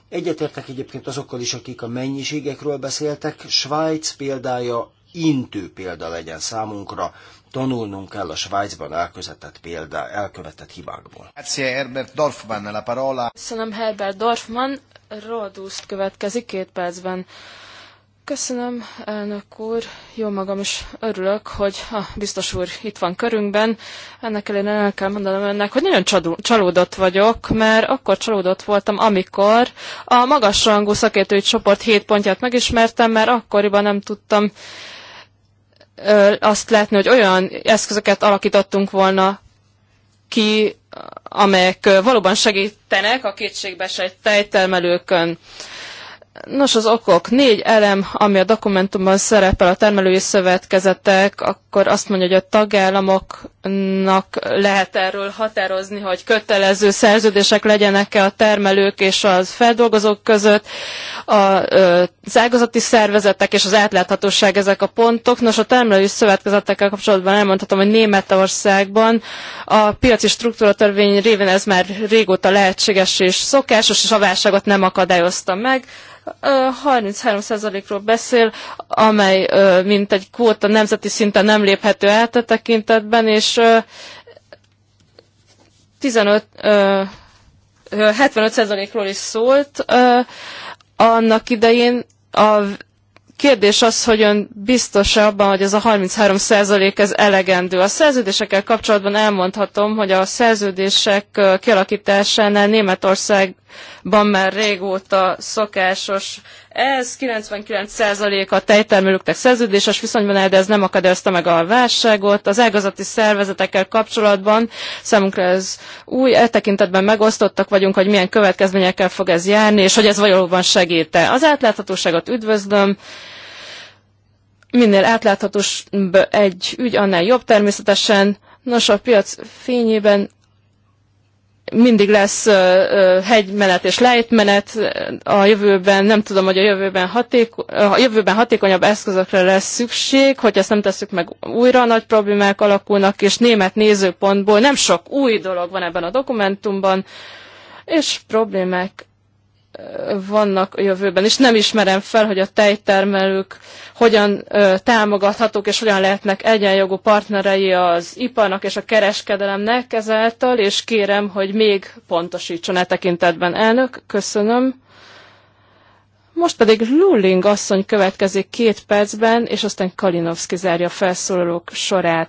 Egyetértek egyébként azokkal is, akik a mennyiségekről beszéltek. Svájc példája intő példa legyen számunkra, Tanulnunk kell a Svájcban elkövetett példá, elkövetett hibákból. Herbert Dorfman, la parola. Köszönöm Herbert Dorfman, Rodust következik két percben. Köszönöm, elnök úr. Jó magam is örülök, hogy a biztos úr itt van körünkben. Ennek ellenére el kell mondanom önnek, hogy nagyon csalódott vagyok, mert akkor csalódott voltam, amikor a magasrangú szakértői csoport hét pontját megismertem, mert akkoriban nem tudtam azt látni, hogy olyan eszközöket alakítottunk volna ki, amelyek valóban segítenek a kétségbeesett tejtermelőkön. Nos, az okok. Négy elem, ami a dokumentumban szerepel, a termelői szövetkezetek, akkor azt mondja, hogy a tagállamoknak lehet erről határozni, hogy kötelező szerződések legyenek-e a termelők és a feldolgozók között, a, az ágazati szervezetek és az átláthatóság ezek a pontok. Nos, a termelői szövetkezetekkel kapcsolatban elmondhatom, hogy Németországban a piaci törvény révén ez már régóta lehetséges és szokásos, és a válságot nem akadályozta meg. 33%-ról beszél, amely mint egy kvóta nemzeti szinten nem léphető át a tekintetben, és 15, 75%-ról is szólt annak idején, a Kérdés az, hogy ön biztos-e abban, hogy ez a 33 százalék ez elegendő. A szerződésekkel kapcsolatban elmondhatom, hogy a szerződések kialakításánál Németországban már régóta szokásos ez 99% a tejtermelőknek szerződéses viszonyban áll, de ez nem akadályozta meg a válságot. Az ágazati szervezetekkel kapcsolatban számunkra ez új, e tekintetben megosztottak vagyunk, hogy milyen következményekkel fog ez járni, és hogy ez valóban segíte. Az átláthatóságot üdvözlöm, minél átláthatós egy ügy, annál jobb természetesen. Nos, a piac fényében mindig lesz hegymenet és lejtmenet a jövőben, nem tudom, hogy a jövőben, hatéko- a jövőben hatékonyabb eszközökre lesz szükség, hogy ezt nem tesszük meg újra, nagy problémák alakulnak, és német nézőpontból nem sok új dolog van ebben a dokumentumban, és problémák vannak a jövőben, és nem ismerem fel, hogy a tejtermelők hogyan ö, támogathatók, és hogyan lehetnek egyenjogú partnerei az iparnak és a kereskedelemnek ezáltal, és kérem, hogy még pontosítson e tekintetben. Elnök, köszönöm. Most pedig Lulling asszony következik két percben, és aztán Kalinowski zárja a felszólalók sorát.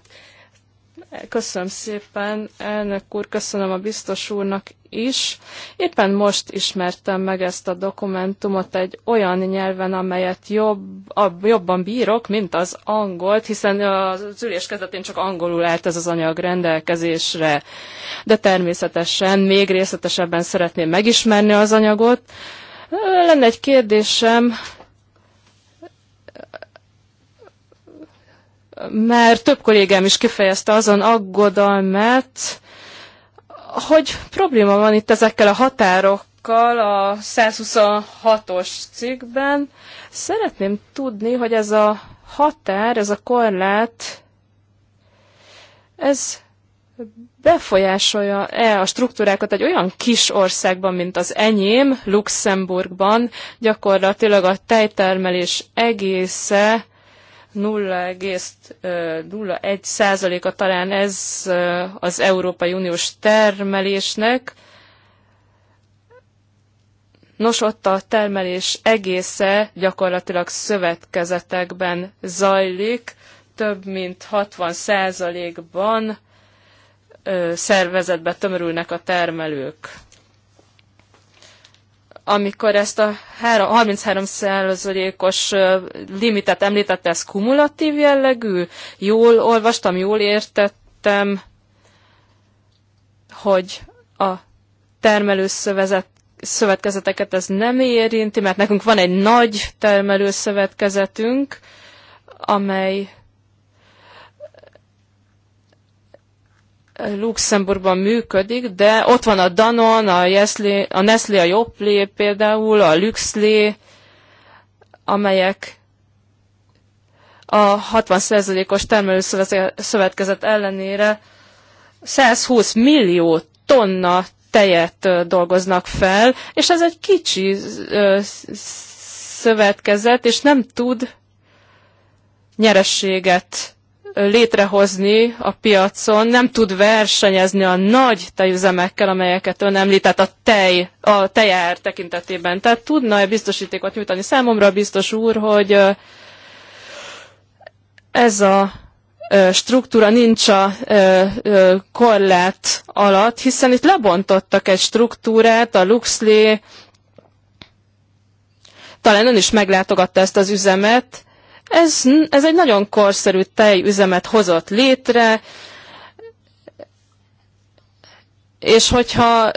Köszönöm szépen, elnök úr, köszönöm a biztos úrnak is. Éppen most ismertem meg ezt a dokumentumot egy olyan nyelven, amelyet jobb, a, jobban bírok, mint az angolt, hiszen az ülés kezdetén csak angolul állt ez az anyag rendelkezésre. De természetesen még részletesebben szeretném megismerni az anyagot. Lenne egy kérdésem, mert több kollégám is kifejezte azon aggodalmát, hogy probléma van itt ezekkel a határokkal a 126-os cikkben. Szeretném tudni, hogy ez a határ, ez a korlát, ez befolyásolja-e a struktúrákat egy olyan kis országban, mint az enyém, Luxemburgban, gyakorlatilag a tejtermelés egésze 0,01%-a talán ez az Európai Uniós termelésnek. Nos, ott a termelés egésze gyakorlatilag szövetkezetekben zajlik, több mint 60%-ban szervezetbe tömörülnek a termelők amikor ezt a 33%-os limitet említette, ez kumulatív jellegű? Jól olvastam, jól értettem, hogy a termelőszövezet szövetkezeteket ez nem érinti, mert nekünk van egy nagy termelőszövetkezetünk, amely Luxemburgban működik, de ott van a Danon, a, Yesli, a Nestlé, a Joplé például, a Luxlé, amelyek a 60%-os termelőszövetkezet ellenére 120 millió tonna tejet dolgoznak fel, és ez egy kicsi szövetkezet, és nem tud nyerességet létrehozni a piacon, nem tud versenyezni a nagy tejüzemekkel, amelyeket ön említett a tej, a tejár tekintetében. Tehát tudna-e biztosítékot nyújtani számomra, biztos úr, hogy ez a struktúra nincs a korlát alatt, hiszen itt lebontottak egy struktúrát, a Luxley, talán ön is meglátogatta ezt az üzemet, ez, ez egy nagyon korszerű tejüzemet hozott létre, és hogyha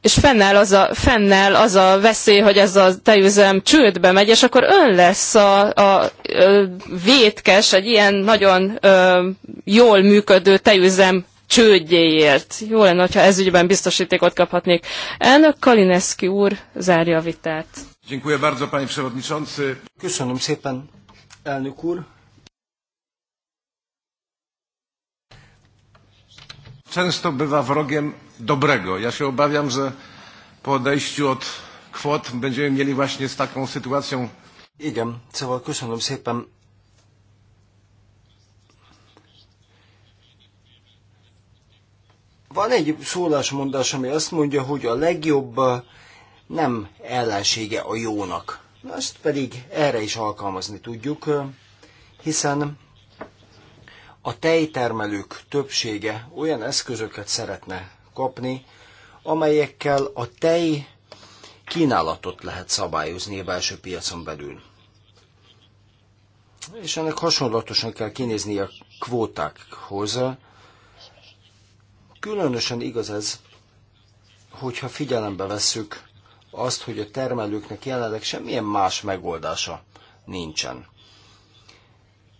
és fennáll az, a, fennáll az a veszély, hogy ez a tejüzem csődbe megy, és akkor ön lesz a, a, a vétkes egy ilyen nagyon ö, jól működő tejüzem csődjéért. Jó lenne, hogyha ez ügyben biztosítékot kaphatnék. Elnök Kalineszki úr zárja a vitát. Köszönöm szépen, elnök úr. Często bywa wrogiem dobrego. Ja się obawiam, że po odejściu od kwot będziemy mieli właśnie z taką sytuacją. Igen, szóval köszönöm szépen Van egy szólásmondás, ami azt mondja, hogy a legjobb uh, nem ellensége a jónak. Ezt pedig erre is alkalmazni tudjuk, uh, hiszen a tejtermelők többsége olyan eszközöket szeretne kapni, amelyekkel a tej kínálatot lehet szabályozni a belső piacon belül. És ennek hasonlatosan kell kinézni a kvótákhoz, Különösen igaz ez, hogyha figyelembe vesszük azt, hogy a termelőknek jelenleg semmilyen más megoldása nincsen.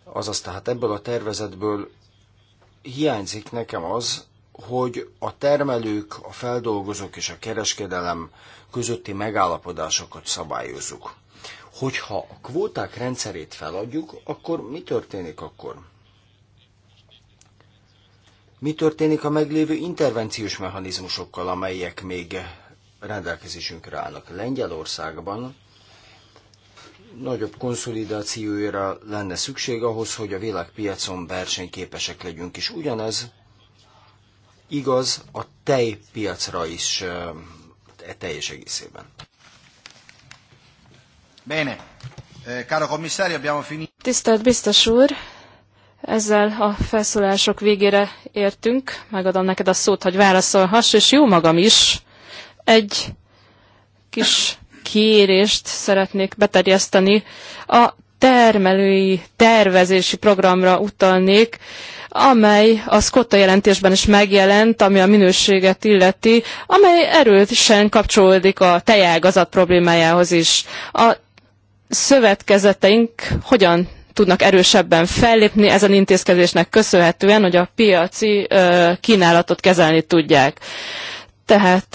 Azaz tehát ebből a tervezetből hiányzik nekem az, hogy a termelők, a feldolgozók és a kereskedelem közötti megállapodásokat szabályozzuk. Hogyha a kvóták rendszerét feladjuk, akkor mi történik akkor? Mi történik a meglévő intervenciós mechanizmusokkal, amelyek még rendelkezésünkre állnak? Lengyelországban nagyobb konszolidációra lenne szükség ahhoz, hogy a világpiacon versenyképesek legyünk, és ugyanez igaz a tejpiacra is e teljes egészében. Bene. Eh, caro commissario, abbiamo finito. Tisztelt biztos úr, ezzel a felszólások végére értünk. Megadom neked a szót, hogy válaszolhass, és jó magam is egy kis kérést szeretnék beterjeszteni. A termelői tervezési programra utalnék, amely a Scotta jelentésben is megjelent, ami a minőséget illeti, amely erősen kapcsolódik a tejágazat problémájához is. A szövetkezeteink hogyan tudnak erősebben fellépni ezen intézkedésnek köszönhetően, hogy a piaci kínálatot kezelni tudják. Tehát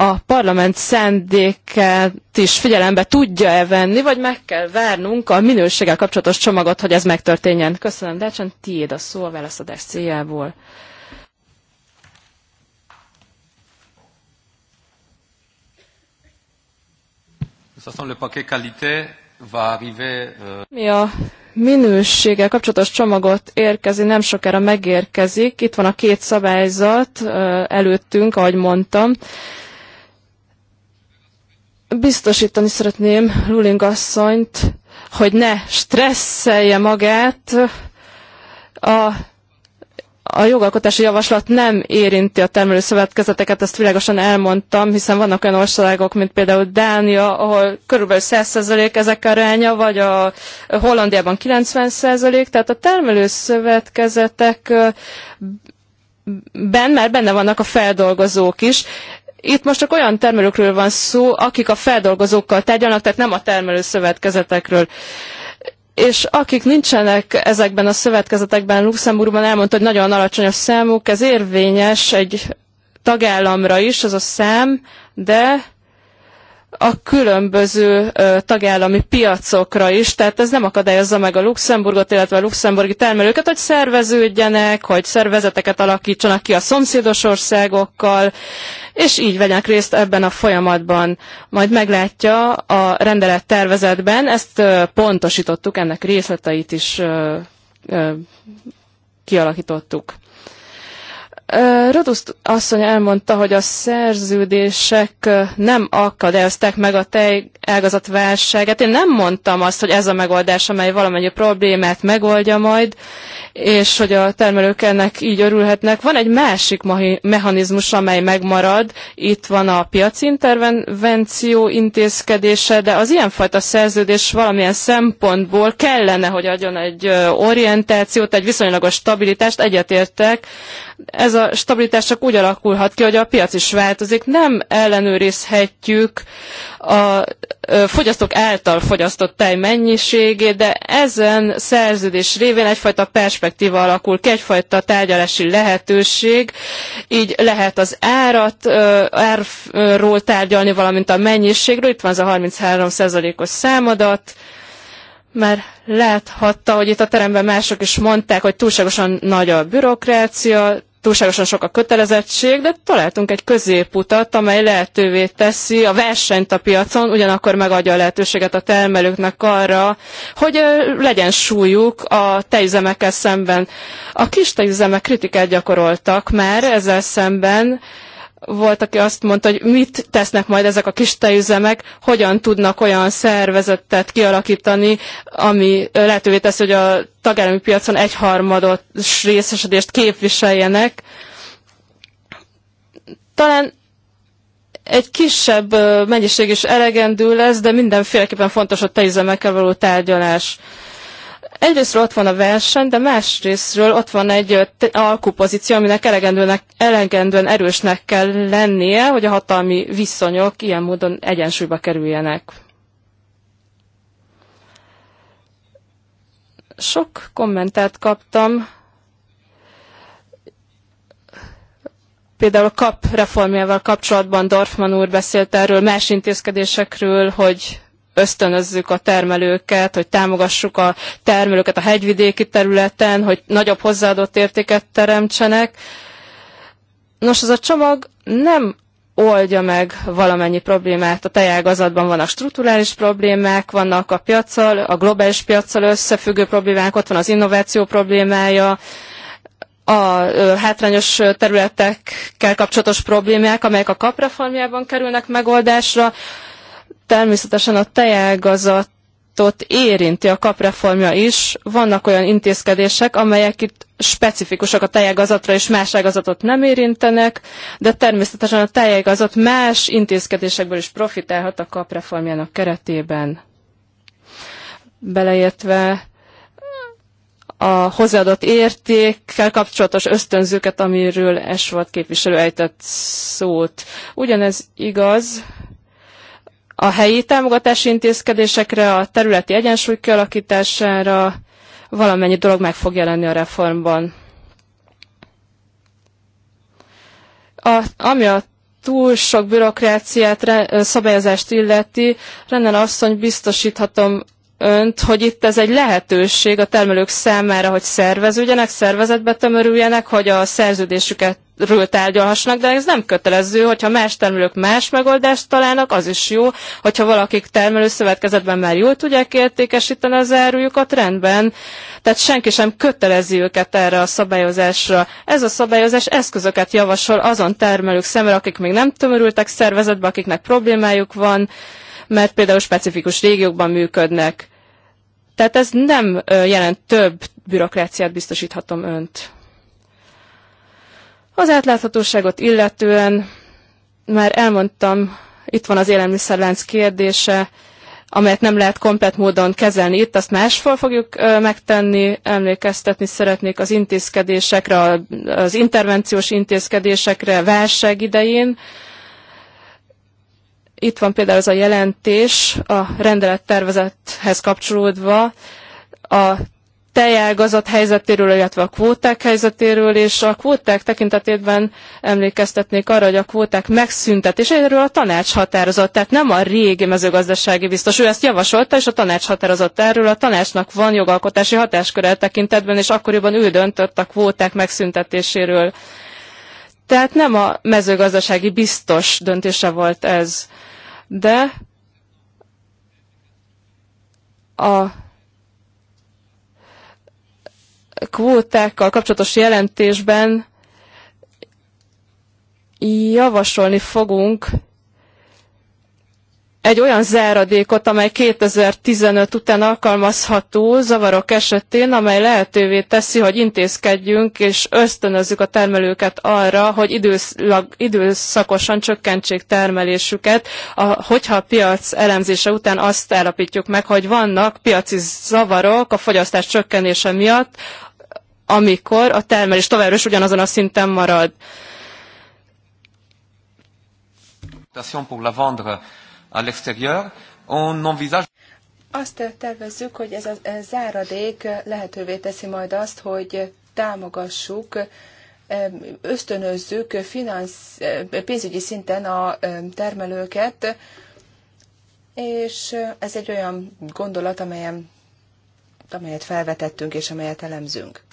a parlament szándékát is figyelembe tudja-e venni, vagy meg kell várnunk a minőséggel kapcsolatos csomagot, hogy ez megtörténjen. Köszönöm, Dácsán, tiéd a szó a válaszadás céljából. De toute façon, le paquet qualité mi a minőséggel kapcsolatos csomagot érkezi, nem sokára megérkezik. Itt van a két szabályzat előttünk, ahogy mondtam. Biztosítani szeretném Luling asszonyt, hogy ne stresszelje magát a a jogalkotási javaslat nem érinti a termelőszövetkezeteket, ezt világosan elmondtam, hiszen vannak olyan országok, mint például Dánia, ahol körülbelül 100% ezek aránya, vagy a Hollandiában 90%, tehát a termelőszövetkezetekben ben, már benne vannak a feldolgozók is. Itt most csak olyan termelőkről van szó, akik a feldolgozókkal tárgyalnak, tehát nem a termelőszövetkezetekről. szövetkezetekről és akik nincsenek ezekben a szövetkezetekben, Luxemburgban elmondta, hogy nagyon alacsony a számuk, ez érvényes egy tagállamra is, ez a szám, de a különböző tagállami piacokra is, tehát ez nem akadályozza meg a Luxemburgot, illetve a luxemburgi termelőket, hogy szerveződjenek, hogy szervezeteket alakítsanak ki a szomszédos országokkal, és így vegyenek részt ebben a folyamatban. Majd meglátja a rendelet tervezetben, ezt pontosítottuk, ennek részleteit is kialakítottuk. Rodoszt asszony elmondta, hogy a szerződések nem akadályozták meg a tej ágazat Én nem mondtam azt, hogy ez a megoldás, amely valamennyi problémát megoldja majd, és hogy a termelők ennek így örülhetnek. Van egy másik mechanizmus, amely megmarad. Itt van a piaci intervenció intézkedése, de az ilyenfajta szerződés valamilyen szempontból kellene, hogy adjon egy orientációt, egy viszonylagos stabilitást, egyetértek. Ez a stabilitás csak úgy alakulhat ki, hogy a piac is változik. Nem ellenőrizhetjük a fogyasztók által fogyasztott tej mennyiségét, de ezen szerződés révén egyfajta perspektíva alakul ki, egyfajta tárgyalási lehetőség, így lehet az árat, árról tárgyalni, valamint a mennyiségről. Itt van az a 33%-os számadat mert láthatta, hogy itt a teremben mások is mondták, hogy túlságosan nagy a bürokrácia, túlságosan sok a kötelezettség, de találtunk egy középutat, amely lehetővé teszi a versenyt a piacon, ugyanakkor megadja a lehetőséget a termelőknek arra, hogy legyen súlyuk a tejüzemekkel szemben. A kis tejüzemek kritikát gyakoroltak már ezzel szemben, volt, aki azt mondta, hogy mit tesznek majd ezek a kis tejüzemek, hogyan tudnak olyan szervezetet kialakítani, ami lehetővé teszi, hogy a tagállami piacon egyharmadot részesedést képviseljenek. Talán egy kisebb mennyiség is elegendő lesz, de mindenféleképpen fontos a tejüzemekkel való tárgyalás. Egyrészt ott van a verseny, de másrésztről ott van egy alkupozíció, aminek elegendőnek, elegendően erősnek kell lennie, hogy a hatalmi viszonyok ilyen módon egyensúlyba kerüljenek. Sok kommentet kaptam, például a KAP reformjával kapcsolatban Dorfman úr beszélt erről, más intézkedésekről, hogy ösztönözzük a termelőket, hogy támogassuk a termelőket a hegyvidéki területen, hogy nagyobb hozzáadott értéket teremtsenek. Nos, ez a csomag nem oldja meg valamennyi problémát. A tejágazatban vannak strukturális problémák, vannak a piacsal, a globális piacsal összefüggő problémák, ott van az innováció problémája, a hátrányos területekkel kapcsolatos problémák, amelyek a kapreformjában kerülnek megoldásra. Természetesen a tejágazatot érinti a kapreformja is. Vannak olyan intézkedések, amelyek itt specifikusak a tejágazatra és más ágazatot nem érintenek, de természetesen a tejágazat más intézkedésekből is profitálhat a kapreformjának keretében. Beleértve a hozzáadott értékkel kapcsolatos ösztönzőket, amiről Esvart képviselő ejtett szót. Ugyanez igaz a helyi támogatási intézkedésekre, a területi egyensúly kialakítására, valamennyi dolog meg fog jelenni a reformban. A, ami a túl sok bürokráciát, re, szabályozást illeti, azt asszony biztosíthatom önt, hogy itt ez egy lehetőség a termelők számára, hogy szerveződjenek, szervezetbe tömörüljenek, hogy a szerződésüket ről tárgyalhassanak, de ez nem kötelező, hogyha más termelők más megoldást találnak, az is jó, hogyha valakik termelőszövetkezetben már jól tudják értékesíteni az árujukat, rendben. Tehát senki sem kötelezi őket erre a szabályozásra. Ez a szabályozás eszközöket javasol azon termelők szemre, akik még nem tömörültek szervezetbe, akiknek problémájuk van, mert például specifikus régiókban működnek. Tehát ez nem jelent több bürokráciát biztosíthatom önt. Az átláthatóságot illetően már elmondtam, itt van az élelmiszerlánc kérdése, amelyet nem lehet komplet módon kezelni itt, azt máshol fogjuk megtenni, emlékeztetni szeretnék az intézkedésekre, az intervenciós intézkedésekre válság idején. Itt van például az a jelentés a rendelettervezethez kapcsolódva, a tejágazat helyzetéről, illetve a kvóták helyzetéről, és a kvóták tekintetében emlékeztetnék arra, hogy a kvóták megszüntetés, erről a tanács határozott, tehát nem a régi mezőgazdasági biztos, ő ezt javasolta, és a tanács határozott erről, a tanácsnak van jogalkotási hatásköre tekintetben, és akkoriban ő döntött a kvóták megszüntetéséről. Tehát nem a mezőgazdasági biztos döntése volt ez, de a kvótákkal kapcsolatos jelentésben javasolni fogunk egy olyan záradékot, amely 2015 után alkalmazható zavarok esetén, amely lehetővé teszi, hogy intézkedjünk és ösztönözzük a termelőket arra, hogy időszakosan csökkentsék termelésüket, a, hogyha a piac elemzése után azt állapítjuk meg, hogy vannak piaci zavarok a fogyasztás csökkenése miatt, amikor a termelés továbbra is ugyanazon a szinten marad. azt tervezzük, hogy ez a záradék lehetővé teszi majd azt, hogy támogassuk, ösztönözzük finansz, pénzügyi szinten a termelőket, és ez egy olyan gondolat, amelyet felvetettünk és amelyet elemzünk.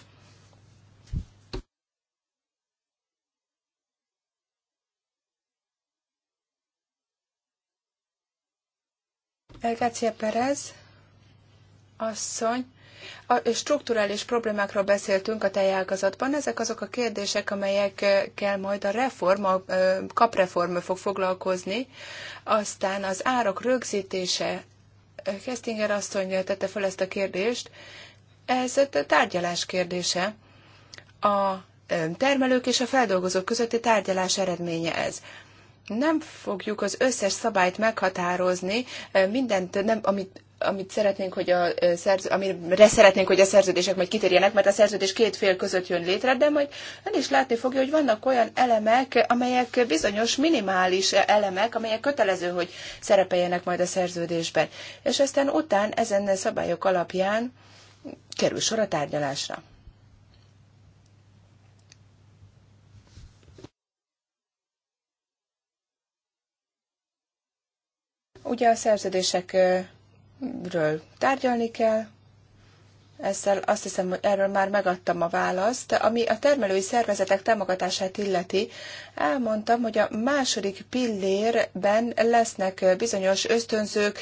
Gácia Perez asszony, a strukturális problémákról beszéltünk a tejágazatban. Ezek azok a kérdések, amelyekkel majd a reform, a kapreform fog foglalkozni. Aztán az árak rögzítése. Kestinger asszony tette fel ezt a kérdést. Ez tárgyalás kérdése. A termelők és a feldolgozók közötti tárgyalás eredménye ez nem fogjuk az összes szabályt meghatározni, mindent, nem, amit, amit szeretnénk, hogy a szerző, amire szeretnénk, hogy a szerződések majd kitérjenek, mert a szerződés két fél között jön létre, de majd ön is látni fogja, hogy vannak olyan elemek, amelyek bizonyos minimális elemek, amelyek kötelező, hogy szerepeljenek majd a szerződésben. És aztán után ezen szabályok alapján kerül sor a tárgyalásra. Ugye a szerződésekről tárgyalni kell, ezzel azt hiszem, hogy erről már megadtam a választ. Ami a termelői szervezetek támogatását illeti, elmondtam, hogy a második pillérben lesznek bizonyos ösztönzők,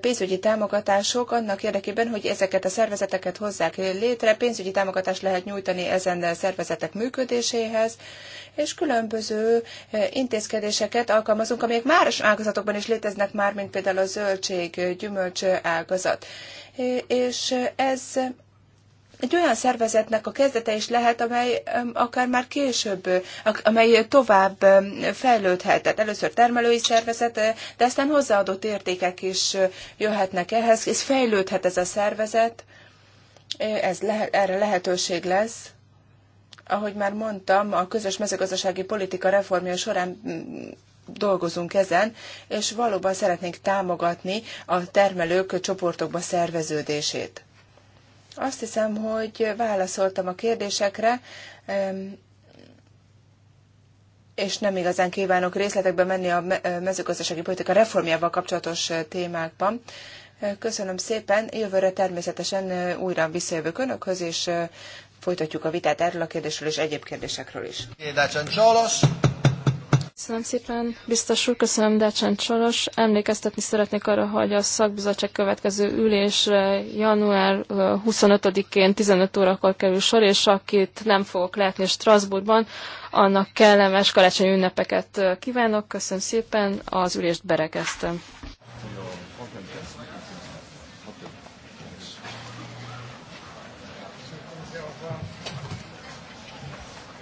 pénzügyi támogatások annak érdekében, hogy ezeket a szervezeteket hozzák létre. Pénzügyi támogatást lehet nyújtani ezen szervezetek működéséhez, és különböző intézkedéseket alkalmazunk, amelyek más ágazatokban is léteznek már, mint például a zöldség, gyümölcs ágazat és ez egy olyan szervezetnek a kezdete is lehet, amely akár már később, amely tovább fejlődhet. Tehát először termelői szervezet, eh, de aztán hozzáadott értékek is eh, jöhetnek ehhez, és fejlődhet ez a szervezet, eh, ez lehet, erre lehetőség lesz. Ahogy már mondtam, a közös mezőgazdasági politika reformja során dolgozunk ezen, és valóban szeretnénk támogatni a termelők csoportokba szerveződését. Azt hiszem, hogy válaszoltam a kérdésekre, és nem igazán kívánok részletekbe menni a eh, mezőgazdasági politika reformjával kapcsolatos eh, témákban. Eh, köszönöm szépen, jövőre természetesen újra visszajövök Önökhöz, és folytatjuk a vitát erről a kérdésről és egyéb kérdésekről is. Köszönöm szépen, biztos úr, köszönöm Decsen Csoros. Emlékeztetni szeretnék arra, hogy a szakbizottság következő ülésre január 25-én 15 órakor kerül sor, és akit nem fogok látni Strasbourgban, annak kellemes karácsonyi ünnepeket kívánok. Köszönöm szépen, az ülést berekeztem.